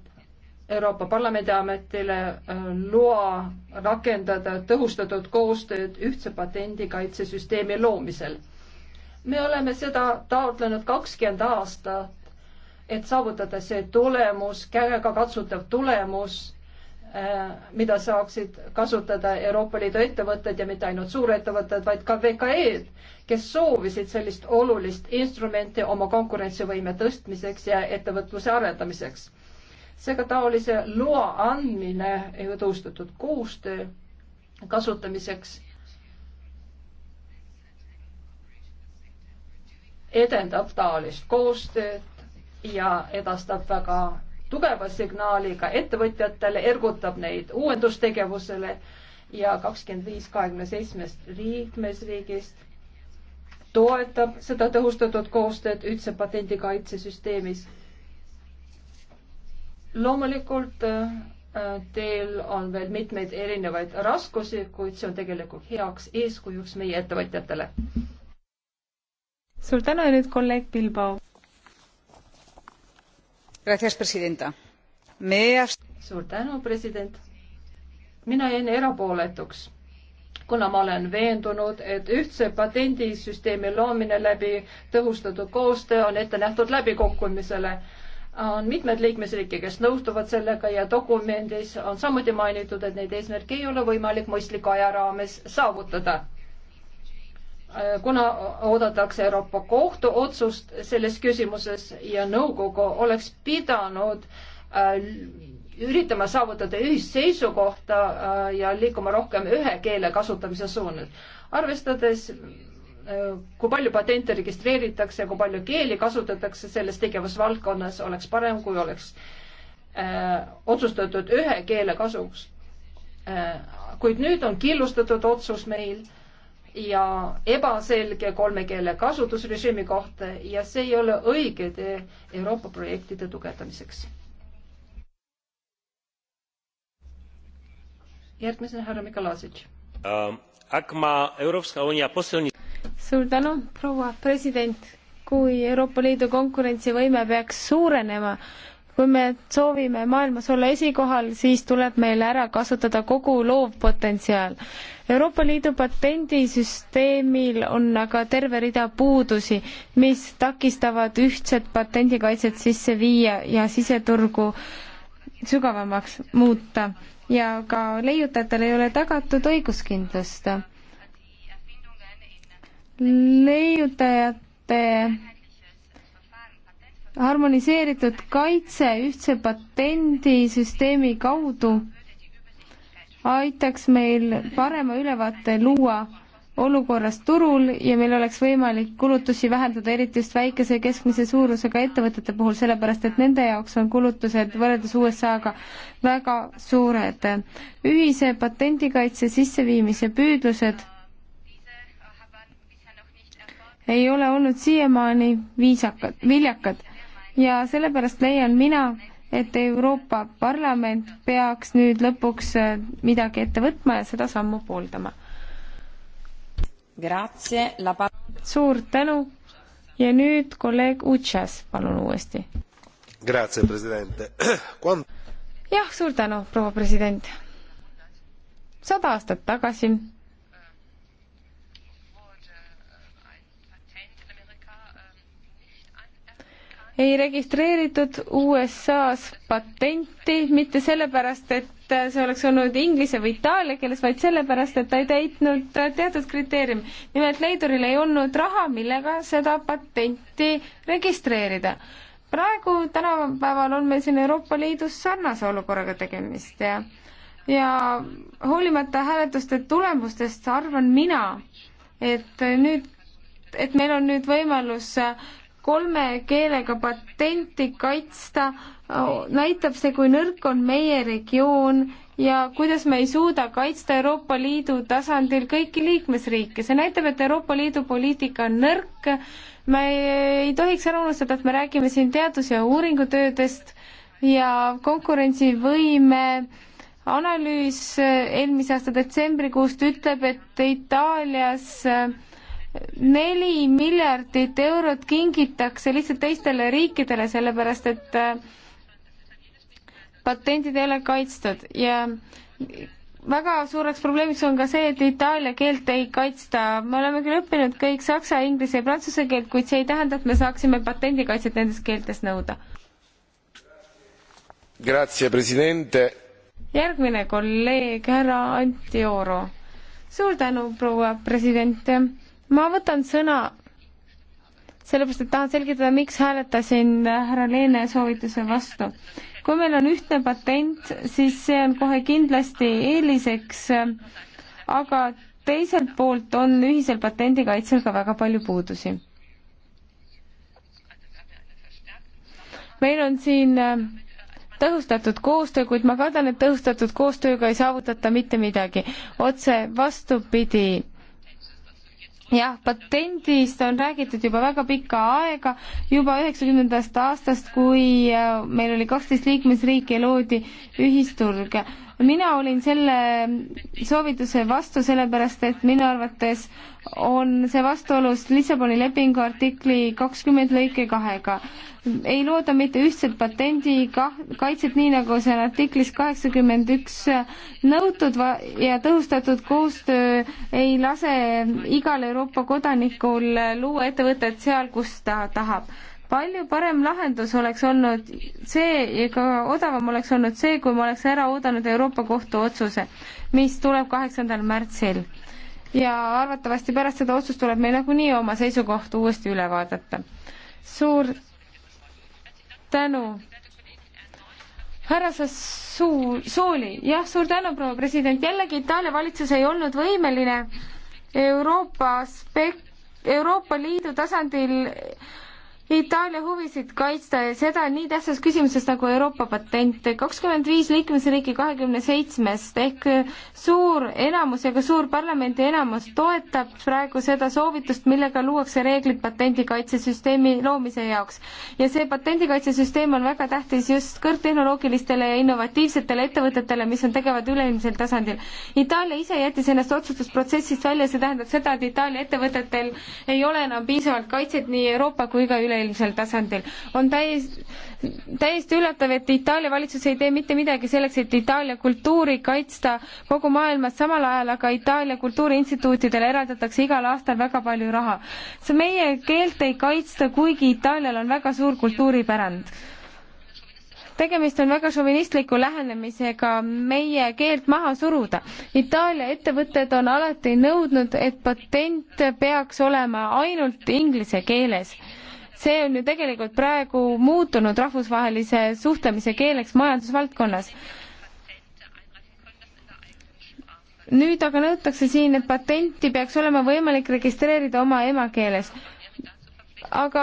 Euroopa Parlamendi ametile äh, loa rakendada tõhustatud koostööd ühtse patendikaitsesüsteemi loomisel. me oleme seda taotlenud kakskümmend aastat, et saavutada see tulemus, käegakatsutav tulemus Äh, mida saaksid kasutada Euroopa Liidu ettevõtted ja mitte ainult suurettevõtted, vaid ka VKE-d, kes soovisid sellist olulist instrumenti oma konkurentsivõime tõstmiseks ja ettevõtluse arendamiseks. seega taolise loa andmine tõustatud koostöö kasutamiseks edendab taolist koostööd ja edastab väga tugeva signaaliga ettevõtjatele, ergutab neid uuendustegevusele ja kakskümmend viis kahekümne seitsmest liikmesriigist toetab seda tõhustatud koostööd üldse patendikaitsesüsteemis. loomulikult äh, teil on veel mitmeid erinevaid raskusi, kuid see on tegelikult heaks eeskujuks meie ettevõtjatele. suur tänu ja nüüd kolleeg Bilbao suur tänu, president. mina jäin erapooletuks, kuna ma olen veendunud, et ühtse patendisüsteemi loomine läbi tõhustatud koostöö on ette nähtud läbikukkumisele on mitmed liikmesriike, kes nõustuvad sellega ja dokumendis on samuti mainitud, et neid eesmärke ei ole võimalik mõistliku aja raames saavutada Äh, kuna oodatakse Euroopa Kohtu otsust selles küsimuses ja nõukogu oleks pidanud äh, üritama saavutada ühist seisukohta äh, ja liikuma rohkem ühe keele kasutamise suunas. arvestades, kui palju patente registreeritakse, kui palju keeli kasutatakse selles tegevusvaldkonnas, oleks parem, kui oleks otsustatud ühe keele kasuks. kuid nüüd on killustatud otsus meil ja ebaselge kolme keele kasutusrežiimi kohta ja see ei ole õige tee Euroopa projektide tugevdamiseks. järgmisena härra Mikolasic ähm,. Posilni... suur tänu, proua president. kui Euroopa Liidu konkurentsivõime peaks suurenema, kui me soovime maailmas olla esikohal, siis tuleb meil ära kasutada kogu loovpotentsiaal. Euroopa Liidu patendisüsteemil on aga terve rida puudusi, mis takistavad ühtset patendikaitset sisse viia ja siseturgu sügavamaks muuta ja ka leiutajatel ei ole tagatud õiguskindlust. leiutajate harmoniseeritud kaitse ühtse patendisüsteemi kaudu aitaks meil parema ülevaate luua olukorrast turul ja meil oleks võimalik kulutusi vähendada, eriti just väikese ja keskmise suurusega ettevõtete puhul, sellepärast et nende jaoks on kulutused võrreldes USA-ga väga suured. ühise patendikaitse sisseviimise püüdlused ei ole olnud siiamaani viisakad, viljakad ja sellepärast leian mina, et Euroopa Parlament peaks nüüd lõpuks äh, midagi ette võtma ja seda sammu pooldama. suur tänu ja nüüd kolleeg Utsas, palun uuesti. jah, suur tänu, proua president. sada aastat tagasi ei registreeritud USA-s patenti mitte sellepärast, et see oleks olnud inglise või itaalia keeles, vaid sellepärast, et ta ei täitnud teatud kriteeriumi. nimelt leiduril ei olnud raha, millega seda patenti registreerida. praegu, tänapäeval on meil siin Euroopa Liidus sarnase olukorraga tegemist ja ja hoolimata hääletuste tulemustest arvan mina, et nüüd, et meil on nüüd võimalus kolme keelega patenti kaitsta, näitab see, kui nõrk on meie regioon ja kuidas me ei suuda kaitsta Euroopa Liidu tasandil kõiki liikmesriike. see näitab, et Euroopa Liidu poliitika on nõrk. me ei tohiks ära unustada, et me räägime siin teadus- ja uuringutöödest ja konkurentsivõime analüüs eelmise aasta detsembrikuust ütleb, et Itaalias neli miljardit eurot kingitakse lihtsalt teistele riikidele, sellepärast et äh, patendid ei ole kaitstud ja väga suureks probleemiks on ka see, et itaalia keelt ei kaitsta. me oleme küll õppinud kõik saksa, inglise ja prantsuse keelt, kuid see ei tähenda, et me saaksime patendikaitset nendes keeltes nõuda. järgmine kolleeg, härra Anti Ooro. suur tänu, proua president ma võtan sõna sellepärast, et tahan selgitada, miks hääletasin härra Leene soovituse vastu. kui meil on ühtne patent, siis see on kohe kindlasti eeliseks, aga teiselt poolt on ühisel patendikaitsel ka väga palju puudusi. meil on siin äh, tõhustatud koostöö, kuid ma kardan, et tõhustatud koostööga ei saavutata mitte midagi. otse vastupidi jah, patendist on räägitud juba väga pikka aega, juba üheksakümnendast aastast, kui äh, meil oli kaksteist liikmesriiki ja loodi ühisturg mina olin selle soovituse vastu, sellepärast et minu arvates on see vastuolus Lissaboni lepingu artikli kakskümmend lõike kahega. ei looda mitte ühtset patendi ka-, kaitset, nii nagu see on artiklis kaheksakümmend üks nõutud va-, ja tõhustatud koostöö ei lase igal Euroopa kodanikul luua ettevõtet seal, kus ta tahab palju parem lahendus oleks olnud see ja ka odavam oleks olnud see, kui ma oleks ära oodanud Euroopa Kohtu otsuse, mis tuleb kaheksandal märtsil. ja arvatavasti pärast seda otsust tuleb meil nagunii oma seisukoht uuesti üle vaadata. suur tänu. härra Sassuu-, Sooli, jah, suur tänu, proua president, jällegi Itaalia valitsus ei olnud võimeline Euroopa aspekt, Euroopa Liidu tasandil Itaalia huvisid kaitsta ja seda nii tähtsas küsimuses nagu Euroopa patent. kakskümmend viis liikmesriiki kahekümne seitsmest ehk suur enamus ja ka suur parlamendi enamus toetab praegu seda soovitust, millega luuakse reeglid patendikaitsesüsteemi loomise jaoks. ja see patendikaitsesüsteem on väga tähtis just kõrgtehnoloogilistele ja innovatiivsetele ettevõtetele, mis on tegevad üleilmsel tasandil. Itaalia ise jättis ennast otsustusprotsessist välja, see tähendab seda, et Itaalia ettevõtetel ei ole enam piisavalt kaitset nii Euroopa kui ka üle üleilmsel tasandil. on täis, täiesti üllatav, et Itaalia valitsus ei tee mitte midagi selleks, et Itaalia kultuuri kaitsta kogu maailmas, samal ajal aga Itaalia kultuuriinstituutidele eraldatakse igal aastal väga palju raha. see meie keelt ei kaitsta, kuigi Itaalial on väga suur kultuuripärand tegemist on väga šovinistliku lähenemisega meie keelt maha suruda. Itaalia ettevõtted on alati nõudnud, et patent peaks olema ainult inglise keeles see on ju tegelikult praegu muutunud rahvusvahelise suhtlemise keeleks majandusvaldkonnas. nüüd aga nõutakse siin, et patenti peaks olema võimalik registreerida oma emakeeles aga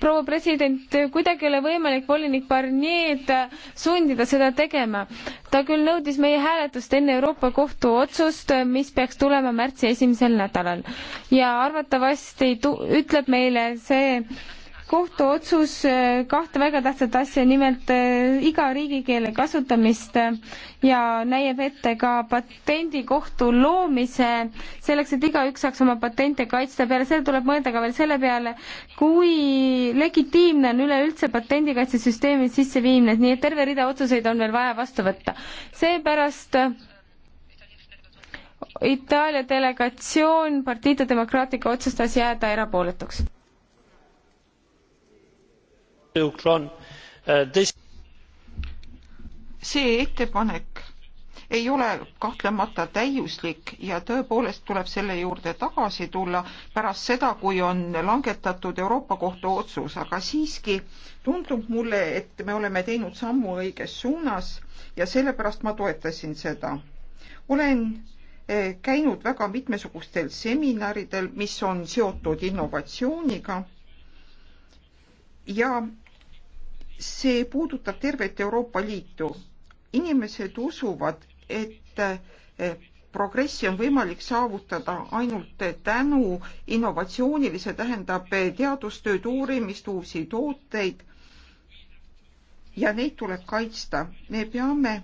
proua president, kuidagi ei ole võimalik volinik Barnier'd sundida seda tegema. ta küll nõudis meie hääletust enne Euroopa Kohtu otsust, mis peaks tulema märtsi esimesel nädalal ja arvatavasti tu-, ütleb meile see kohtuotsus eh, kahte väga tähtsat asja, nimelt eh, iga riigikeele kasutamist eh, ja näeb ette ka patendikohtu loomise, selleks et igaüks saaks oma patente kaitsta. peale selle tuleb mõelda ka veel selle peale, kui legitiimne on üleüldse patendikaitsesüsteemi sisseviimine, nii et terve rida otsuseid on veel vaja vastu võtta. seepärast Itaalia delegatsioon Partito Democratico otsustas jääda erapooletuks Uh, see ettepanek ei ole kahtlemata täiuslik ja tõepoolest tuleb selle juurde tagasi tulla pärast seda, kui on langetatud Euroopa Kohtu otsus, aga siiski tundub mulle, et me oleme teinud sammu õiges suunas ja sellepärast ma toetasin seda. olen eh, käinud väga mitmesugustel seminaridel, mis on seotud innovatsiooniga ja see puudutab tervet Euroopa Liitu. inimesed usuvad, et eh, progressi on võimalik saavutada ainult tänu innovatsioonile, see tähendab eh, teadustööd, uurimist, uusi tooteid ja neid tuleb kaitsta. me peame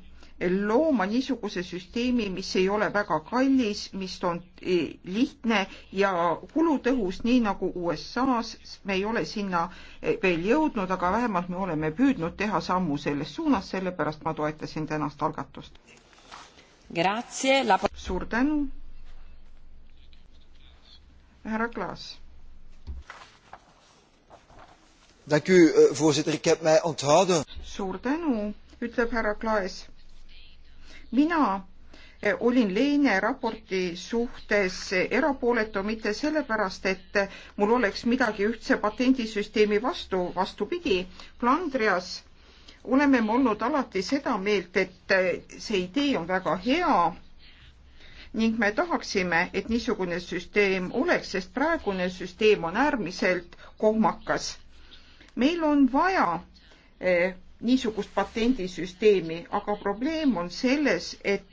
looma niisuguse süsteemi, mis ei ole väga kallis, mis on e, lihtne ja kulutõhus, nii nagu USA-s. me ei ole sinna e, veel jõudnud, aga vähemalt me oleme püüdnud teha sammu selles suunas, sellepärast ma toetasin tänast algatust. La... suur tänu. härra Klaas. Dank u, eh, voorzitter. Ik heb mij onthouden. Suur tänu, ütleb härra Klaas mina eh, olin Leine raporti suhtes erapooletu mitte sellepärast, et mul oleks midagi ühtse patendisüsteemi vastu, vastupidi, Flandrias oleme me olnud alati seda meelt, et see idee on väga hea ning me tahaksime, et niisugune süsteem oleks, sest praegune süsteem on äärmiselt kohmakas. meil on vaja eh, niisugust patendisüsteemi, aga probleem on selles, et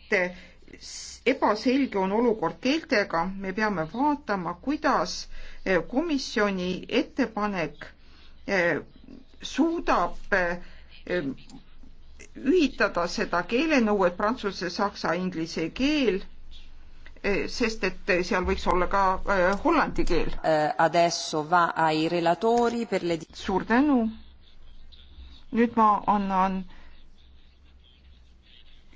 ebaselge on olukord keeltega, me peame vaatama, kuidas eh, komisjoni ettepanek eh, suudab eh, ühitada seda keelenõuet prantsuse, saksa, inglise keel, sest et seal võiks olla ka hollandi keel. suur tänu nüüd ma annan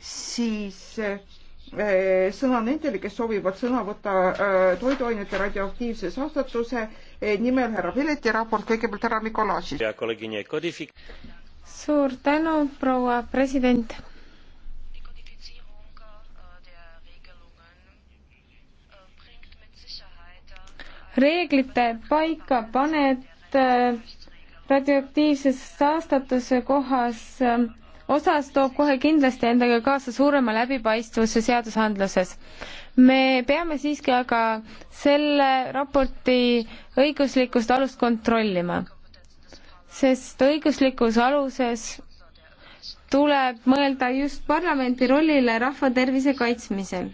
siis eh, sõna nendele, kes soovivad sõna võtta eh, toiduainete radioaktiivse saastatuse eh, nimel härra Pileti raport, kõigepealt härra Nikolašis. suur tänu, proua president. reeglite paika paned radioaktiivses saastatuse kohas ähm, osas toob kohe kindlasti endaga kaasa suurema läbipaistvuse seadusandluses. me peame siiski aga selle raporti õiguslikust alust kontrollima, sest õiguslikus aluses tuleb mõelda just parlamendi rollile rahvatervise kaitsmisel.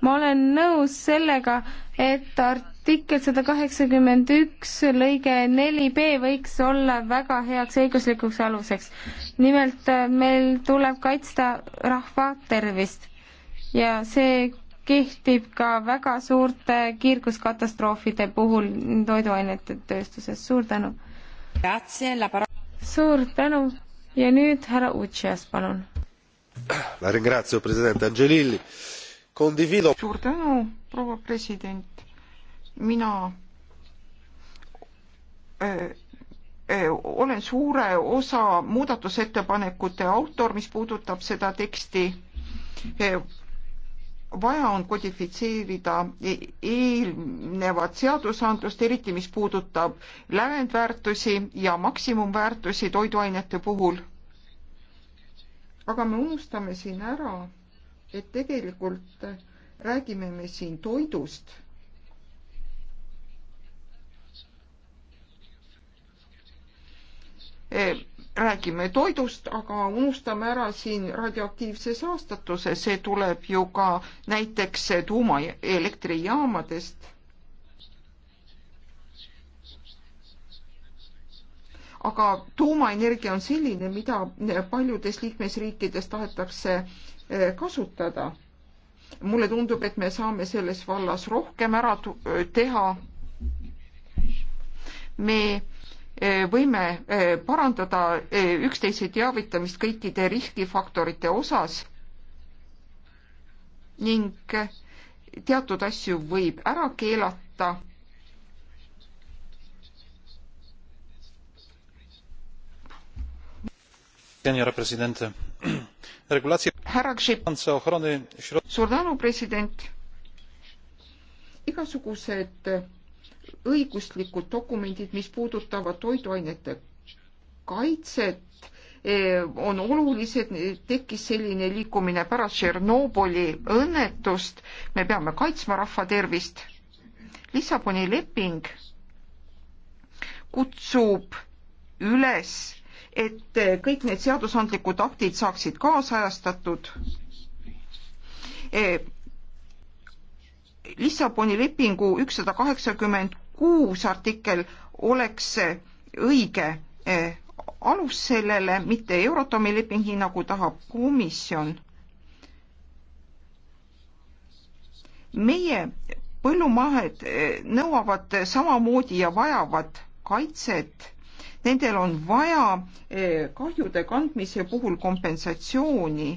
ma olen nõus sellega, et art-, artikkel sada kaheksakümmend üks lõige neli B võiks olla väga heaks õiguslikuks aluseks. nimelt äh, meil tuleb kaitsta rahva tervist ja see kehtib ka väga suurte kiirguskatastroofide puhul toiduainete tööstuses. suur tänu! suur tänu ja nüüd härra Utsias, palun! suur tänu, proua president! mina öö, olen suure osa muudatusettepanekute autor, mis puudutab seda teksti. vaja on kodifitseerida e-, eelnevat seadusandlust, eriti mis puudutab lävendväärtusi ja maksimumväärtusi toiduainete puhul. aga me unustame siin ära, et tegelikult räägime me siin toidust Eh, räägime toidust, aga unustame ära siin radioaktiivse saastatuse, see tuleb ju ka näiteks tuumaelektrijaamadest. aga tuumaenergia on selline, mida paljudes liikmesriikides tahetakse eh, kasutada. mulle tundub, et me saame selles vallas rohkem ära teha. me võime parandada üksteise teavitamist kõikide riskifaktorite osas ning teatud asju võib ära keelata. härra Grzyb, suur tänu, president. igasugused õiguslikud dokumendid, mis puudutavad toiduainete kaitset, eh, on olulised, tekkis selline liikumine pärast Tšernobõli õnnetust, me peame kaitsma rahva tervist. Lissaboni leping kutsub üles, et kõik need seadusandlikud aktid saaksid kaasajastatud. Eh, Lissaboni lepingu ükssada kaheksakümmend kuus artikkel oleks õige eh, alus sellele, mitte Euratomi leping, nii nagu tahab komisjon. meie põllumahed eh, nõuavad samamoodi ja vajavad kaitset. Nendel on vaja eh, kahjude kandmise puhul kompensatsiooni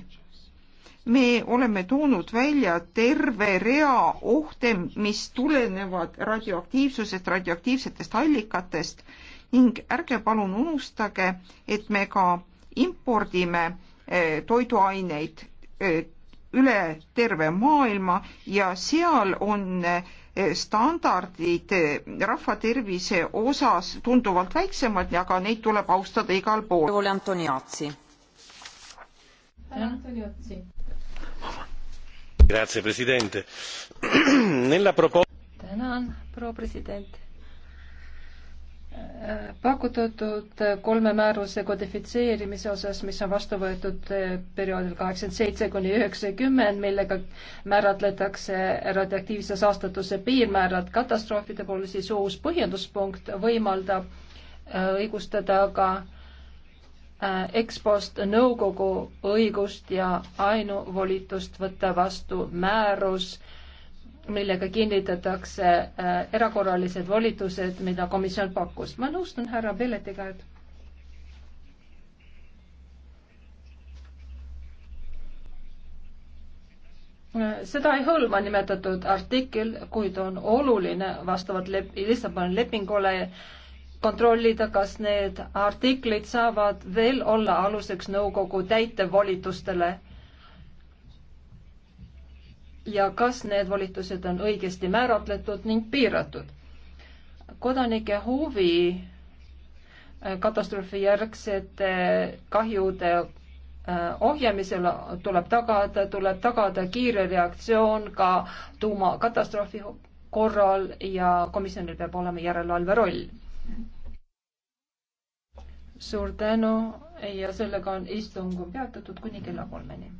me oleme toonud välja terve rea ohte, mis tulenevad radioaktiivsusest, radioaktiivsetest allikatest ning ärge palun unustage, et me ka impordime eh, toiduaineid eh, üle terve maailma ja seal on eh, standardid rahvatervise osas tunduvalt väiksemad, aga neid tuleb austada igal pool. Antoniotsi. Antoniotsi tänan, proua president. Äh, pakutatud kolme määruse kodifitseerimise osas, mis on vastu võetud äh, perioodil kaheksakümmend seitse kuni üheksakümmend, millega määratletakse radioaktiivse saastatuse piirmäärad katastroofide puhul, siis uus põhjenduspunkt võimaldab äh, õigustada ka Äh, EXPO-st nõukogu õigust ja ainuvolitust võtta vastu määrus, millega kinnitatakse äh, erakorralised volitused, mida komisjon pakkus. ma nõustun härra Pelletiga, et äh, seda ei hõlma nimetatud artikkel, kuid on oluline vastavalt lep-, Lissaboni lepingule kontrollida, kas need artiklid saavad veel olla aluseks nõukogu täitevolitustele ja kas need volitused on õigesti määratletud ning piiratud. kodanike huvi äh, katastroofi järgsete äh, kahjude äh, ohjamisel tuleb tagada, tuleb tagada kiire reaktsioon ka tuumakatastroofi korral ja komisjonil peab olema järelevalve roll suur tänu ja sellega on istung on peatatud kuni kella kolmeni.